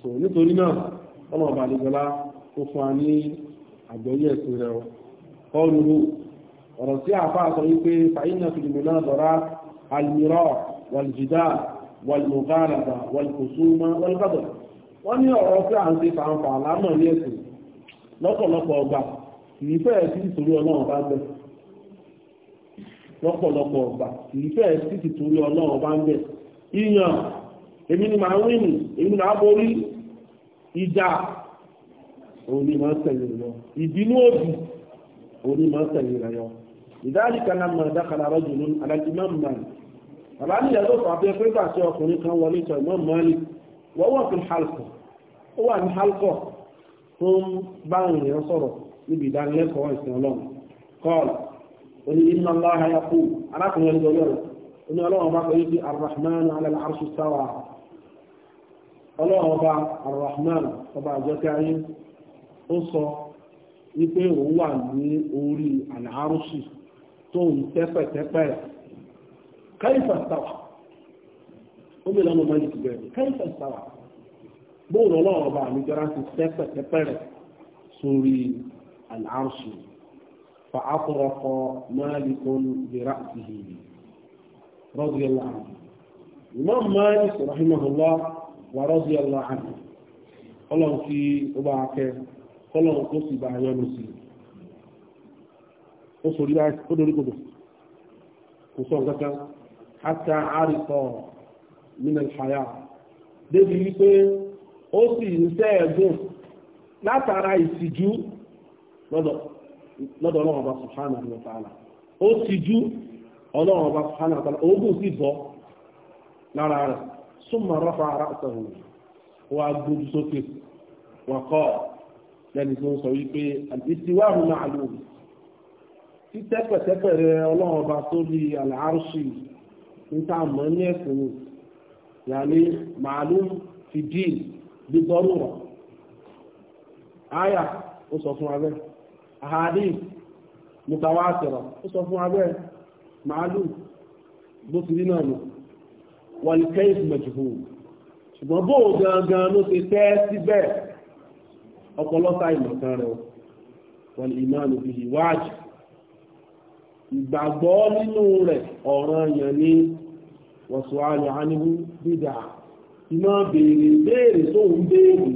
so nítorí náà ọmọ ọ̀bàdìgbọ́lá ó fún wa ní àgbọ́yé ẹ̀sìn rẹ̀ ọ́ ọ̀rọ̀ tí àfa sọ wípé fàyínà fìlìmùnà lọ́ra almirọ́ wàlùjìdá wàlùmọ̀gálàbà wàlùkùsùmọ́ wàlùbàdàn wọ́n ní ọ̀rọ̀ tí à ń ṣe ní ẹ̀sìn lọ́pọ̀lọpọ̀ ọgbà kìí fẹ́ sí bá ń bẹ̀ fẹ́ لذلك لما دخل رجل على الإمام مالك فبعد يدوف عبد الفريد سيكون كان وليس الإمام مالك وهو في الحلقة هو في الحلقة ثم بعض ينصره لبدان لك وإنسان الله قال إن الله يقول أنا أقول لك إن الله ما قلت الرحمن على العرش استوى الله أبا الرحمن أبا جكاين أصى يقول هو عن أوري العرش tó ń tẹ́pẹ̀tẹ́pẹ̀ káyífà sáwà ó mi lọ́nà máa ń jù bẹ́ẹ̀ káyífà sáwà bóun ọlọ́run ọba àmì jọra ti tẹ́pẹ̀tẹ́pẹ̀ rẹ̀ sórí àlàáṣù fa akọrọkọ máàlìkún bẹ̀rẹ̀ àti hìlì rọ́dìyàlá àmì ìmọ̀ máàlìkù rahimahullah wà rọ́dìyàlá àmì ọlọ́run fi ó bá akẹ́ ọlọ́run tó sì bá yọnu sí i ó sori báyìí ó dorí kodò kò sọ nǹkan kan hata àríkọ nínú ìfàyà débi wípé ó sì ń sẹ́ ẹ̀gbọ́n látara ìtìjú lọ́dọ̀ ọlọ́run ọba subhanahu wa ta'ala ó tìjú ọlọ́run ọba subhanahu wa ta'ala oògùn sì bọ́ lára rẹ̀ súnmọ́ rọ́fà ara ọ̀sán wa gbójú sókè wà kọ́ lẹ́ni tó ń sọ wípé àti ìsìwáhùn náà lóògùn títẹ́pẹ̀tẹ́pẹ̀ rẹ ọlọ́run ọba sórí àlàárùsì níta mọ́ ní ẹ̀sìn ni yàní màálùm fi díì gbígbọ́rù rọ̀ áyà ó sọ fún abẹ́ àhàdì mùtàwátìrọ̀ ó sọ fún abẹ́ màálùm bó ti rí náà nù wàlìkẹ́ ìfìmẹ̀jùfù ṣùgbọ́n bó gangan ló ti tẹ́ síbẹ̀ ọpọlọ́ta ìmọ̀kan rẹ̀ wàlì ìmánu fi wájib ìgbàgbọ́ nínú rẹ̀ ọ̀ràn yẹn ni wọ̀sùn ayọ̀ aníhú dídà iná béèrè béèrè tó ń béèrè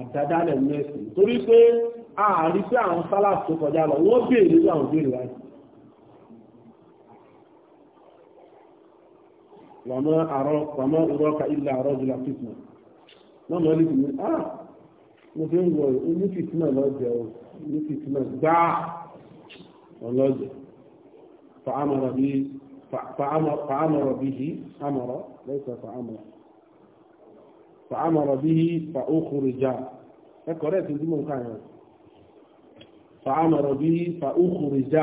àdádálẹ̀ mẹ́sìn torí pé rí pé àwọn sálàfù tó kọjá lọ wọ́n béèrè lórí àwọn béèrè ìrọ́ka ilẹ̀ فأمر به فأمر, فأمر به أمر ليس فأمر فأمر به فأخرج فقرأت دي مكان فأمر به فأخرج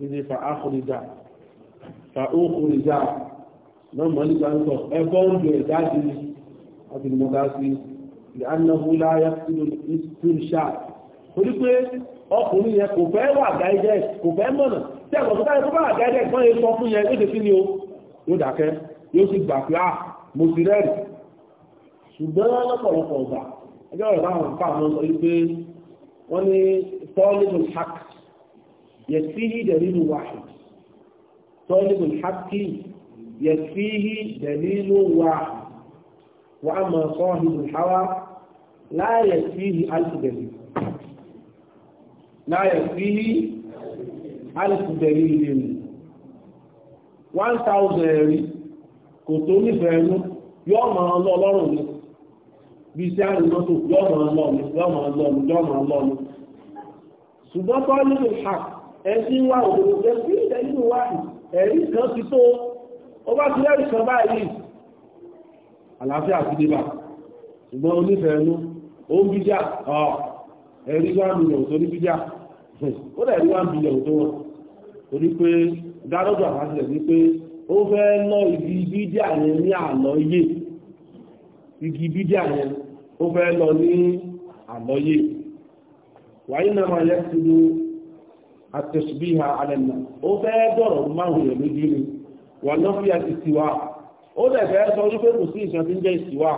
إذا فأخرج فأخرج نعم مالك أنت أفهم بإعداده أبي المداسي لأنه لا يقتل الاستنشاق torí pé ọkùnrin yẹn kò fẹ́ wà gáídẹ́ kò fẹ́ mọ̀nà tẹ́gbọ̀n tó káyẹ tó bá àgẹ́gẹ́ kan yẹ sọ fún yẹn yóò tẹ́sí ni o yóò dákẹ́ yóò sì gbà pé ah mo ti rẹ́rì ṣùgbọ́n lọ́pọ̀lọpọ̀ ọ̀gbà ẹgbẹ́ ọ̀rọ̀ báwọn nǹkan àwọn sọ wípé wọ́n ní tọ́lẹ́gùn hak yẹ sí hí dẹ̀lílù wáhì tọ́lẹ́gùn hak kí yẹ sí hí dẹ̀lílù wáhì wà á mọ̀ sọ́ọ̀hìn ìháwá láyẹ̀ sí hí alìsìdẹ̀lì láyẹ̀ sí hí alifu tẹ̀lé ní 1000 ẹ̀rí kò tó nífẹ̀ẹ́ ẹnu yọ́ ma lọ lọ́rùn ní bí i tí a ma lọ mi yọ́ ma lọ mi yọ́ ma lọ mi. ṣùgbọ́n tó nínú ha ẹ̀sí wà òdòdó jẹ́ sí ìtẹ́lú wà ẹ̀rí kan ti tó ó bá ti kan báyìí àlàáfíà ti débà ṣùgbọ́n onífẹ̀ẹ́ ó ń bíjà ẹ̀rí ó dẹ̀ rí one billion tó wọ́n torí pé gárọ́dù àfáṣẹ̀ ní pé ó fẹ́ lọ igi bídíà yẹn ní àlọ́yè igi bídíà yẹn ó fẹ́ lọ ní àlọ́yè wàyí náà máa yẹ ti lu àtẹ̀sùbíhà alẹ́ náà ó fẹ́ dọ̀rọ̀ márùn-ún yẹn lójú ni wà lọ́fíà ti tiwa ó dẹ̀ fẹ́ sọ wípé kò sí ìṣàn tí ń jẹ́ ìsìwà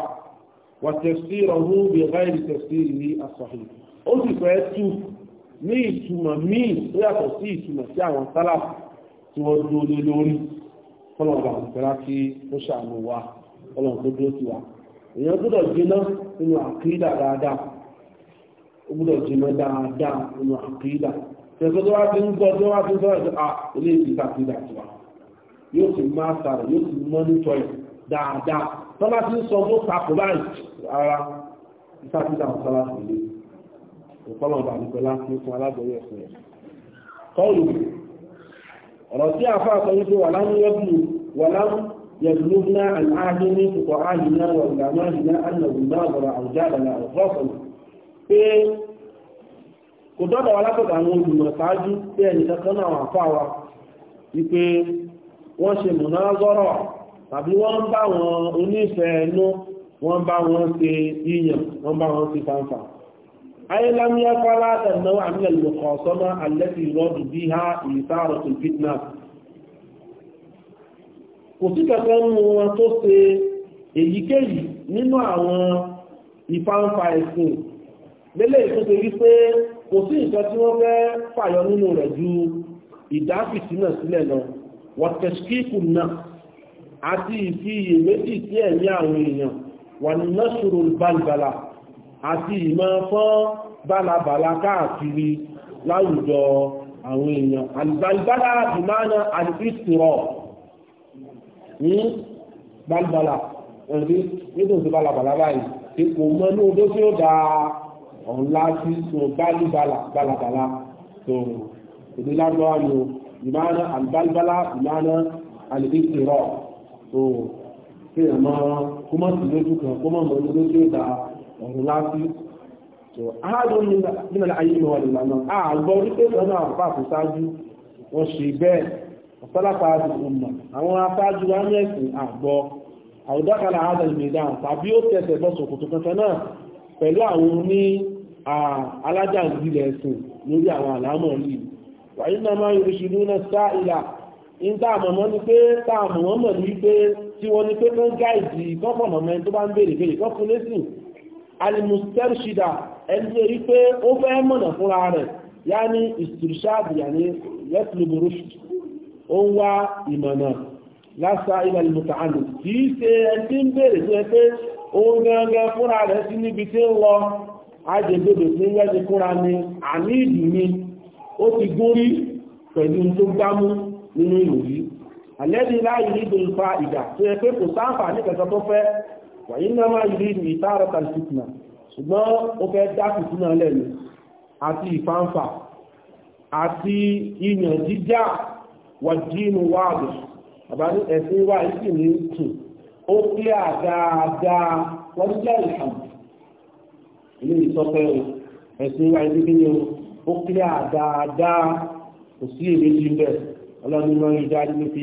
wà tẹ̀sí ọ̀hún bí ẹ̀ka ìrìtẹ̀sí ìrí àsọ̀hìn ó sì fẹ́ tú ní ìtumọ̀ míì tó yàtọ̀ sí ìtumọ̀ sí àwọn sálàfù tí wọ́n dúró lé lórí fọlọ́ọ̀bà ìfẹ́lá kí ó ṣàánú wa fọlọ́ọ̀ tó dúró sí wa èèyàn gbọ́dọ̀ jiná nínú àkídà dáadáa ó gbọ́dọ̀ jiná dáadáa nínú àkídà tẹ̀sán tó wá ti ń gbọ́ tó wá ah, ti ń sọ̀rọ̀ sí à ilé ìdíkà àkídà tiwa yóò sì máa sàrẹ̀ yóò sì mọ́ tọ́lá ti ń sọ tó takò ara ìsàkídà ọ̀sán láti ilé ìpọ́lọ̀ bá nìkan láti fún alágbẹ̀yẹ ẹ̀sìn rẹ̀ tọ́lù ọ̀rọ̀ tí a fà sọ wípé wà láwọn yẹ́bù wà láwọn yẹ̀bù náà àláàdé ní ìpọ̀ ààyè náà wà ìlànà ààyè náà ànàbù náà bọ̀rọ̀ àwùjá àdàlà ọ̀fọ́fọ́ pé kò dọ́dọ̀ wà látọ̀dọ̀ àwọn olùmọ̀ ṣáájú pé ẹnì kankan náà wà fà wa wípé wọ́n ṣe mọ̀nàgọ́rọ̀ tàbí wọ́n ń bá wọn onífẹ̀ẹ́ wọ́n bá wọn ṣe yíyàn wọ́n bá wọn ṣe fanfàn أي لم يفعل هذا النوع من المخاصمة التي يراد بها إثارة الفتنة kòsíkà kan mú wọn tó ṣe èyíkéyìí nínú àwọn ìfàǹfà ẹ̀sìn lélẹ̀ ìtúnṣe wípé kò sí nǹkan tí wọ́n fẹ́ fàyọ nínú rẹ̀ ju ìdáfìsí náà sílẹ̀ lọ wọ́tẹ̀ṣkíkù náà àti ìfiyèméjì sí ẹ̀mí àwọn èèyàn wà ní náṣùrù balbala àti ìmọ̀ fọ́n bálabàlá káàkiri láwùjọ àwọn èèyàn àlìbálá ìmáná àlìbítìrọ̀ ní bálabàlá ẹ̀rí nítorí bálabàlá báyìí tí kò mọ́ ní odó tí ó dáa ọ̀nlá sí tó bálabàlá bálabàlá tó ìdí lágbọ́wá ni ìmáná àlìbálá ìmáná àlìbítìrọ̀ tó kí ẹ̀mọ́ kó mọ́ sí lójú kan kó mọ́ mọ́ ní odó tí ó dáa ọ̀run láti tó àádùn nínú ayé ìwọ̀n ìlànà àgbọ̀ wípé lọ́nà àpá àfúsájú wọ́n ṣe bẹ́ẹ̀ ọ̀pọ̀lọpọ̀ àdùnkùnmà àwọn afájú wa ní ẹ̀sìn àgbọ̀ àwùdákàlà àádọ́lùmẹ̀dá tàbí ó tẹ̀sẹ̀ bọ́sùn kòtò kankan náà pẹ̀lú àwọn ní alájà ìbílẹ̀ ẹ̀sìn lórí àwọn àlámọ̀ yìí wàyí náà máa yọrí ṣubú náà sá ìlà ń tá ni pé tá àmọ̀mọ́ mọ̀ ní pé tí wọ́n ní pé tó ń gáìdì kọ́pọ̀ mọ̀mọ́ tó bá ń béèrè béèrè kọ́kún lẹ́sìn alimustershida ẹni tó rí pé ó fẹ́ mọ̀nà fúnra rẹ̀ yá ní istirshadi yàní yatlubu rushd ó ń wá ìmọ̀nà lásà ilẹ̀ alìmùtàánù kì í ṣe ẹni tí ń bèèrè tó ẹ pé ó gangan fúnra rẹ̀ sí níbi tí ń lọ ajẹ́gbèdè tí ń wẹ́ni kò sáǹfà ní kẹta tó fẹ́ wàyí náà máa yìí rí ìtààrọ̀ kàlùfìtìnà ṣùgbọ́n ó fẹ́ dá fìtìnà lẹ́nu àti ìfàǹfà àti ìyàn jíjá wà dínú wáàdù àbájú ẹ̀sìn wà ìsì ní tù ó kílẹ̀ dáadáa wọ́n jẹ́ ìhàn ilé ìsọpẹ́ ẹ̀sìn wà ìsì kí ni ó kílẹ̀ dáadáa kò sí èmi jí bẹ́ẹ̀ ọlọ́run mọ́ ìdájú ní fi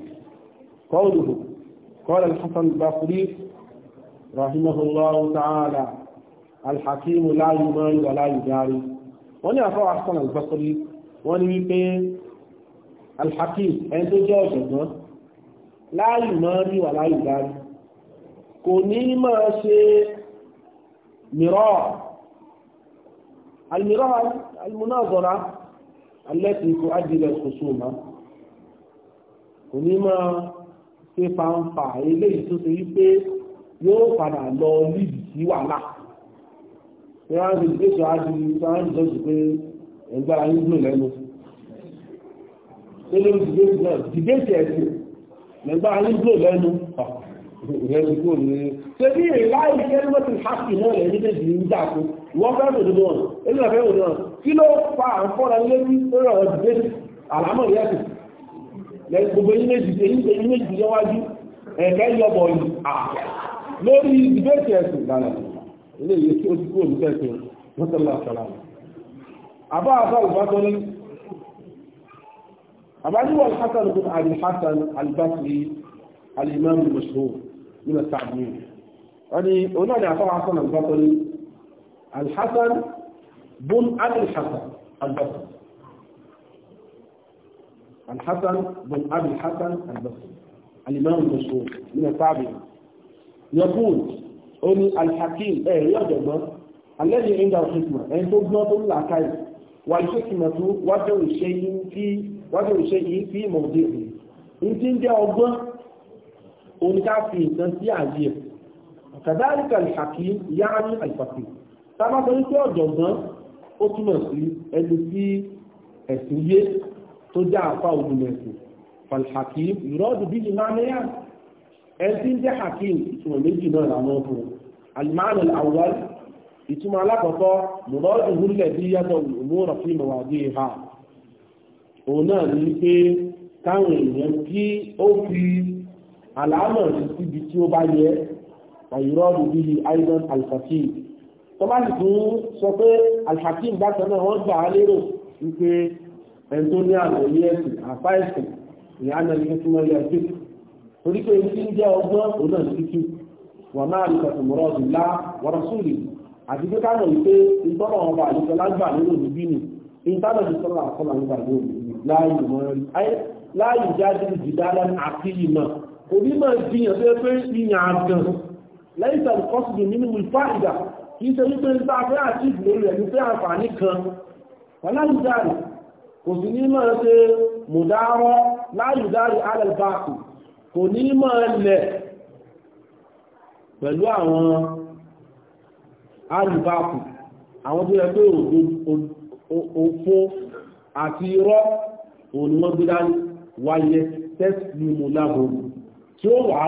قوله قال الحسن البصري رحمه الله تعالى الحكيم لا يمال ولا يجاري wọ́n ní àfọ́ àṣán àlùbọ́sọ́lì wọ́n ní wípé alhakim ẹni tó jẹ́ ọ̀jọ̀gbọ́n láàyè máa rí wà láàyè dárí kò ní máa ṣe mìíràn almìíràn almunazara alẹ́tìkù adìrẹ̀ kòsùnmá kò ní máa pé fanfa eléyìí tó ṣe wípé yóò padà lọ líbi sí wàhálà pé wọ́n ti gbé sọ ájú sọ ájú sọ́jú pé ẹgbára yín gbò lẹ́nu pé lórí dìbéjì náà dìbéjì ẹ̀sìn lẹ́gbára yín gbò lẹ́nu ìrẹ́ ti ṣe bí ìlà iṣẹ́ lọ́tí hápì náà lẹ́yìn méjèèjì ń dà wọ́n fẹ́ òdò náà ẹgbẹ́ òdò náà kí ló fa àǹfọ́ra lórí lórí ọ̀rọ̀ dìbéjì àlámọ̀ ìyẹ́sìn lẹ́yìn gbogbo yín méjì èyí ṣe yín méjì yọ́wájú ẹ̀kẹ́ yọ̀bọ̀ yìí lórí ìdíbẹ̀tì ẹ̀sìn dára ilé ìyẹ́ tí ó ti kúrò nípa ẹ̀sìn mọ́tàlá sọ̀rọ̀ àbá àbá ìbátọ́ ní àbájúwọ̀ alhassan bin ali hassan albasri alimami mashhur min as-sa'diyya wọ́n alhassan bin الحسن بن أبي الحسن البصري الإمام المشهور من التابعين يقول أني الحكيم إيه يا الذي عنده الحكمة أن تبنط العقائد والحكمة وضع الشيء في وضع الشيء في موضعه إن تنجي أبن ونكافي تنسي عجيب كذلك الحكيم يعني الفقير طبعا تنسي أبن ó túmọ̀ sí ẹni tí tó jẹ́ àfa olùmẹ̀sìn falhakim ìrọ́dù bí i máa mẹ́yà ẹ̀sí ń jẹ́ hakim ìtumọ̀ méjì náà làwọn fún un alimánà àwọn ìtumọ̀ alákọ̀ọ́kọ́ mùrọ́dù húlẹ̀ bí yàtọ̀ òmùrọ̀ fún ìmọ̀wádìí ha òun náà ní pé káwọn èèyàn kí ó fi àlámọ̀ sí síbi tí ó bá yẹ àìrọ́dù bí aidan alhakim tó sì tún sọ pé alhakim bákan náà wọ́n gbà á lérò wípé ẹni tó ní àgbọ́yé ẹ̀sìn àpá ẹ̀sìn ìyá náà ní kí wọ́n yẹ ẹ̀sìn torí pé ti ń jẹ́ ọgbọ́n òun náà títí wà máa ń tẹ̀sùn mọ́rọ́ ọ̀dùn lá wọ́rọ̀ sóòlì àti pé ká mọ̀ wípé ìtọ́nà ọba àlùfẹ́ lágbà nínú òbí nì ìtọ́nà ìtọ́nà àkọlà nígbà tó láàyè mọ́ rí láàyè jáde ìdídálẹ́ àti ìmọ̀ òbí máa jiyàn tó yẹ pé ìyàn àgàn lẹ́yìn tàbí kọ́sùdù nínú ìfá ìdà kì í ṣe wípé ń bá àti ìfìlórí rẹ̀ ní àǹfààní kan wọ́n láyé kò si ní máa ṣe mùdárọ́ láyùdárì alẹ́bàkù kò ní máa lẹ̀ pẹ̀lú àwọn alẹ́bàkù àwọn tó yẹ pé òfo àti irọ́ òun ni wọ́n gbé dání tí ó wà á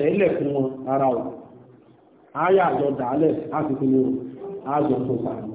rẹ̀ lẹ̀ fún wọn ara ọ̀ ayé àjọ dàálẹ̀ àjọ tó sàmì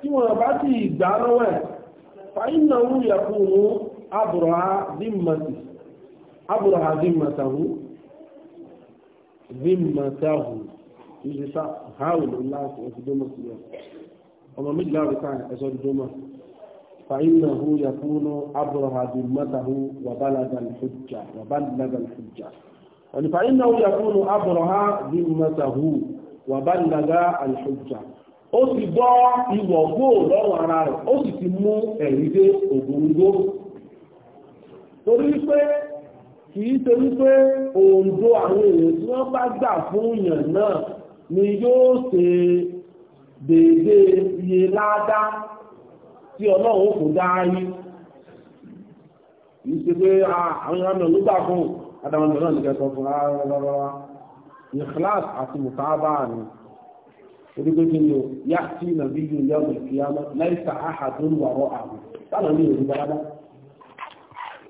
tí wọ́n bá ti gbà lọ́wọ́ ẹ̀ fàínà ń yẹ̀kùn ní abúrọ̀há zimmatahu zimmatahu ìṣẹ́sá haúlù láti ẹ̀sùdómọ̀ sí ẹ̀ ọmọ méjìlá rúkà ẹ̀sọ́dómọ̀ fàínà ń yẹ̀kùn ní abúrọ̀há zimmatahu wàbálàgàlfùjà wọ́n ni fàínà ń yẹ̀kùn ní abúrọ̀há zimmatahu wàbálàgàlfùjà ó sì gbọ́ ìwọ̀ gbóò lọ́rùn ara rẹ̀ ó sì ti mú ẹ̀rí dé ògbóngbó torí pé kì í ṣe wípé òǹdó àwọn èèyàn tí wọ́n bá gbà fún èèyàn náà ni yóò ṣe déédé iye ládá tí ọlọ́run kò dáárí kì í ṣe pé àwọn ìran náà ló gbà fún àdàmọ̀dọ̀ náà nìkẹ́ sọ fún ara rárá ìkíláàsì àti mùtábà ni. orígbé kí ya o na sí nàbí yìí ní ọmọ ìkìyàmọ láìsà àhàdùn balaba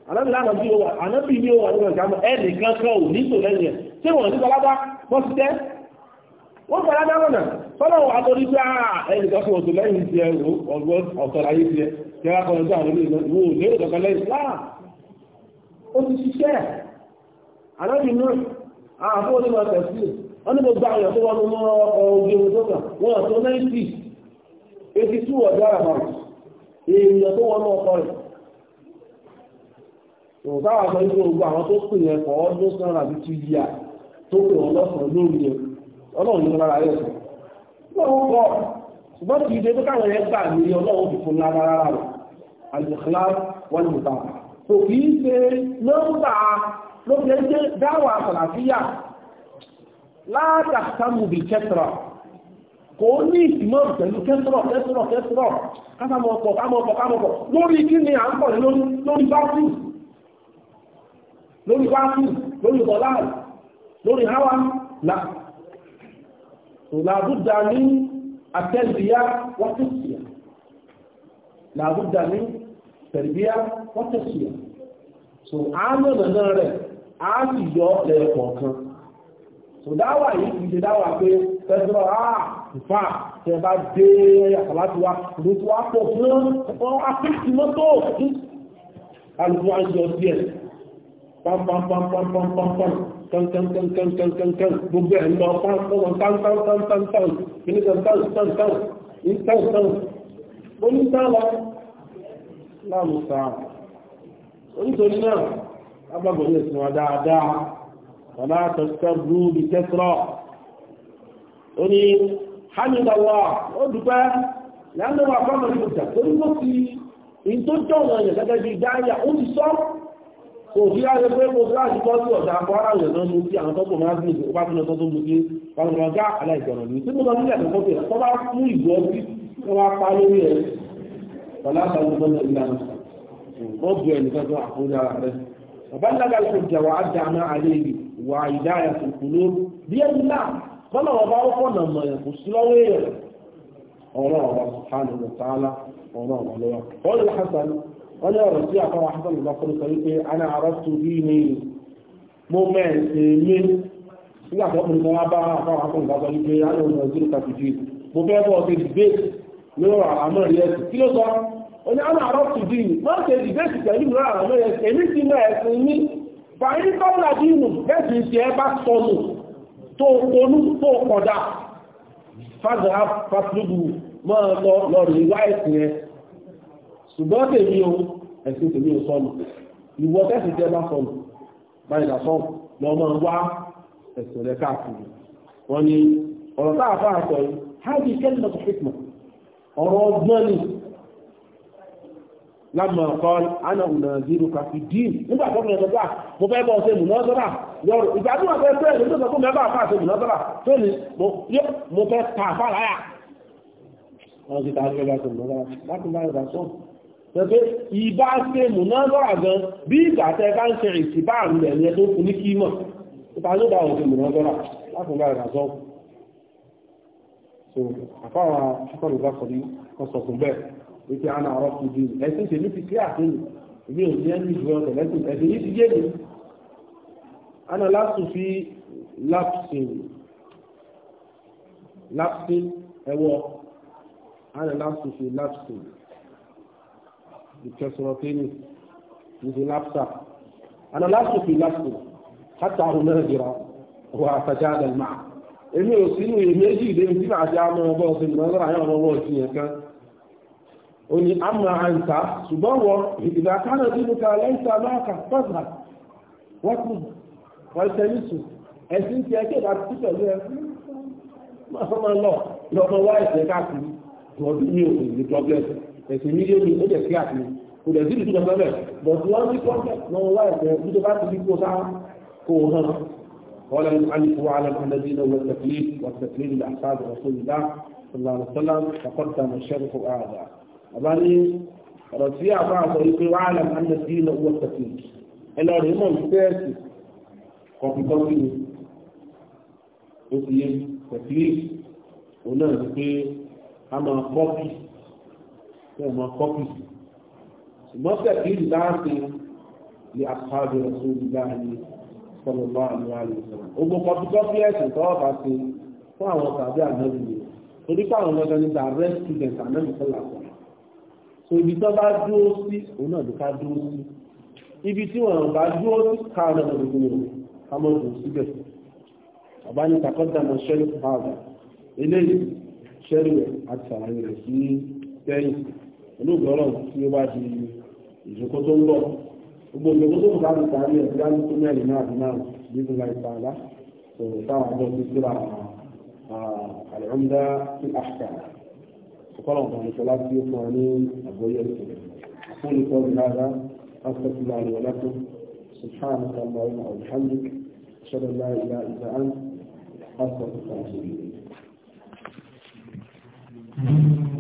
anábì lánàá bí ó wà anábì ní ó wà nínú ìjàmọ ẹnì kan kan ò ní tò ní balaba wọn balaba wà tó ní pé ah, ẹnì kan fún ọtọ lẹ́yìn tiẹ ọgbọn ọtọ láyé tiẹ tiẹ wà kọrin àwọn ilé ìlú wò lérò kankan lẹ́yìn ah, wọ́n ní gbogbo àwọn tó wọ́n mọ́ ọkọ̀ ojú omi tó kàn wọ́n yàn tó náìtì eighty two ọ̀dọ́ àmàrà èèyàn tó wọ́n mọ́ ọkọ̀ rẹ̀ òun táwọn àgbọ̀ ìgbé gbogbo àwọn tó pè yẹn kọ́ ọdún sanra àbí ti yíya tó pè wọ́n lọ́sàn-án lórí yẹn ọlọ́run ní lára rẹ̀ sọ. wọ́n kọ́ ṣùgbọ́n kì í ṣe pé káwọn yẹn gbà ní ọlọ́run fi fún lára rárá rẹ̀ àlùkìlá wọn ní ìta kò kì í ṣe nọ́mbà látàkàmù bí kẹtọrọ kò ní ìtìmọ̀ pẹ̀lú kẹtọrọ kẹtọrọ kẹtọrọ kámọ̀pọ̀ kámọ̀pọ̀ kámọ̀pọ̀ lórí kí ni à ń pọ̀ lórí báfù lórí bọ̀lá lórí hawa làbúdà ní àtẹ́lìyà wọ́tẹ̀síyà so àánú nàná rẹ̀ á sì yọ ẹ̀ẹ̀kọ̀ọ̀kan sòdáwà yìí kìí ṣe dáwà pé pẹ́sìrọ̀ àà ìfà tẹ bá dé àkàláti wa ló tó wá pọ̀ fún ọ́n afẹ́sì mọ́tò alùpùpù àjọ sí ẹ̀ pàmpàmpàmpàmpàmpàm kankankankankankan gbogbo ẹ̀ lọ pàmpàmpàm kankankankankan kìnnìkan kankankan ìkankan onítàlá láàmùsà onítorí náà agbábọ̀ ní ẹ̀sìn wa dáadáa wàlá tẹ̀sítẹ́rù bí kẹsìrọ̀ ó ní hamidawa ó dúpẹ́ lẹ́nu wà fọ́nà ìgbòkè torí ó fi in tó jọ̀wọ̀ yẹn gẹ́gẹ́ bí dáyà ó ti sọ kò sí láti pé mo láti kọ́ sí ọ̀dà akọ ara yẹn náà mo ti àwọn tọ́pọ̀ máa fi ìgbòkè bá fi lọ sọ́tún mo ti wọn lọ gá aláìsọ̀rọ̀ mi tí mo lọ nílẹ̀ tó kọ́fẹ́ tó bá mú ìgbọ́ sí tó wá pa lórí ẹ̀ wàlá tàbí fọ́nà ìlànà ó bu ẹnì kan tó àkójá rẹ̀ bàbá ńlá Wa ìdáyà tó kúrò bí ẹni náà kọ́nà ọba ó fọ́nà mọ̀ ẹ̀ sí lọ́wọ́ èèyàn ọ̀rọ̀ ọ̀rọ̀ ta'ala ọ̀rọ̀ ọ̀rọ̀ lọ́wọ́ ọ̀rọ̀ hasan wọ́n ọ̀rọ̀ sí àfọwọ́ hasan ló bá kọ́ ana bí ní mo mẹ́rin ṣe mí nígbà tó kùnú wọn bá hasan mo fẹ́ bọ́ ọ̀sẹ̀ àmọ́ kí ló sọ bàrí kọ́lá dínú bẹ́sì ti ẹ bá sọnù tó onú tó kọ̀dá fàzàrà fàfúrúgbù máa lọ lọ́rọ̀ ìwá ẹ̀sìn ẹ ṣùgbọ́n tèmi o ẹ̀sìn tèmi o sọnù ìwọ tẹ́sì ti ẹ bá sọnù báyìí lásán lọ máa wá ẹ̀sìn rẹ káàkiri wọn ni ọ̀rọ̀ táà fáà sọ yìí hábi kẹ́lí lọ́tọ̀ fífọ̀ ọ̀rọ̀ ọgbọ́n ni lámà kan ana ọ̀nà zero kàfi dín nígbà tó fẹ́ sọ́gbà mo fẹ́ bọ́ ṣe mùná sọ́gbà yọrọ ìgbà tó wà fẹ́ fẹ́ èmi tó sọ fún mi bá àfà ṣe mùná sọ́gbà tó ní mo fẹ́ ta àfà láyà. wọ́n ti ta àfẹ́ bá ṣe mùná sọ́gbà láti máa ìgbà sọ́ọ̀ pẹ̀pẹ́ ìbá ṣe mùná sọ́gbà gan bí ìgbà tẹ bá ń ṣe ìsìbá àrùn rẹ̀ yẹn tó fún ní wípé àná ọ̀rọ̀ kù di ẹ̀sìn tèmi ti kí àtẹ̀yìn èmi ò ní ẹni ìwé ọ̀tẹ̀ lẹ́sìn ẹ̀sìn yìí ti yé mi. àná láti fi lapsin lapsin ẹ̀wọ̀ àná láti fi lapsin ìkẹsọ̀rọ̀ tẹ́lẹ̀ ìfi lapsa àná láti fi lapsin hátà àwọn mẹ́rin jìra wà àtàjà àdàlmà èmi ò sínú èmi èjì ìdẹ́mi tí màá jẹ́ àmọ́ ọgbọ́n sí mi lọ́sọ̀rọ̀ àyàn yẹn kan ó ní àmà àǹtà ṣùgbọ́n wọ ìdàkánà tí nìkan lẹ́ǹtà máàkà pàtà wọ́pù wọ́ìtẹ́lìsù ẹ̀sìn ti ẹgbẹ́ ìdá tí pẹ̀lú ẹ máa lọ lọ́mọ wá ẹ̀sẹ̀ káàkiri ọdún ní òkè ní pọ́blẹ́sì ẹ̀sìn ní ilé ó jẹ̀ sí àti kò dẹ̀ sí ìlú tó bẹ̀rẹ̀ bọ̀tù wọn ní pọ́blẹ́sì lọ́mọ wá ẹ̀sẹ̀ ní tó bá ti bí kó sá àbá ní ọ̀rọ̀ tí àbá àsọ wípé wà á lẹ́nu àmì sí ilẹ̀ owó tẹ̀sí ẹ lọ rèé mọ̀ wípé ẹ̀sì kọ̀pìtọ́pì ni ó ti yé tẹ̀sí òun náà wípé a máa kọ́pì tí a máa kọ́pì ṣùgbọ́n tẹ̀sí ìdá ṣe ní àpáàdé ọ̀sùn ìdá ní sọlọ́bà àmì àlùsọ̀rọ̀ ogun kọ̀pìtọ́pì ẹ̀sìn tọ́wọ́ bá ṣe fún àwọn tàbí ànábì torí pé àwọn ọmọdé ní direct student ànábì sọlá kan so ibi tó bá dúró sí òun náà ló ká dúró sí ibi tí wọn bá dúró sí káàdà náà ló gbòòrò ká mọ̀ tó síbẹ̀ bàbá ní takọ́dà náà ṣẹ́rí fàábà eléyìí ṣẹ́rí rẹ̀ àti sàlàyé rẹ̀ sí sẹ́yìn olóògbọ́rọ̀ tí ó bá di ìjókòó tó ń bọ̀ gbogbo ìjókòó tó ń bá ti sàárẹ̀ ẹ̀ dájú tó mẹ́rin náà àti náà nínú láìpẹ́ àlá sọ̀rọ̀ táwọn àjọ ti síra àlẹ́ وقال الله تعالى يوفاني أبويا أقول قولي هذا أستغفر الله ولكم سبحانك اللهم وبحمدك أشهد أن لا إله إلا أنت أستغفرك وأتوب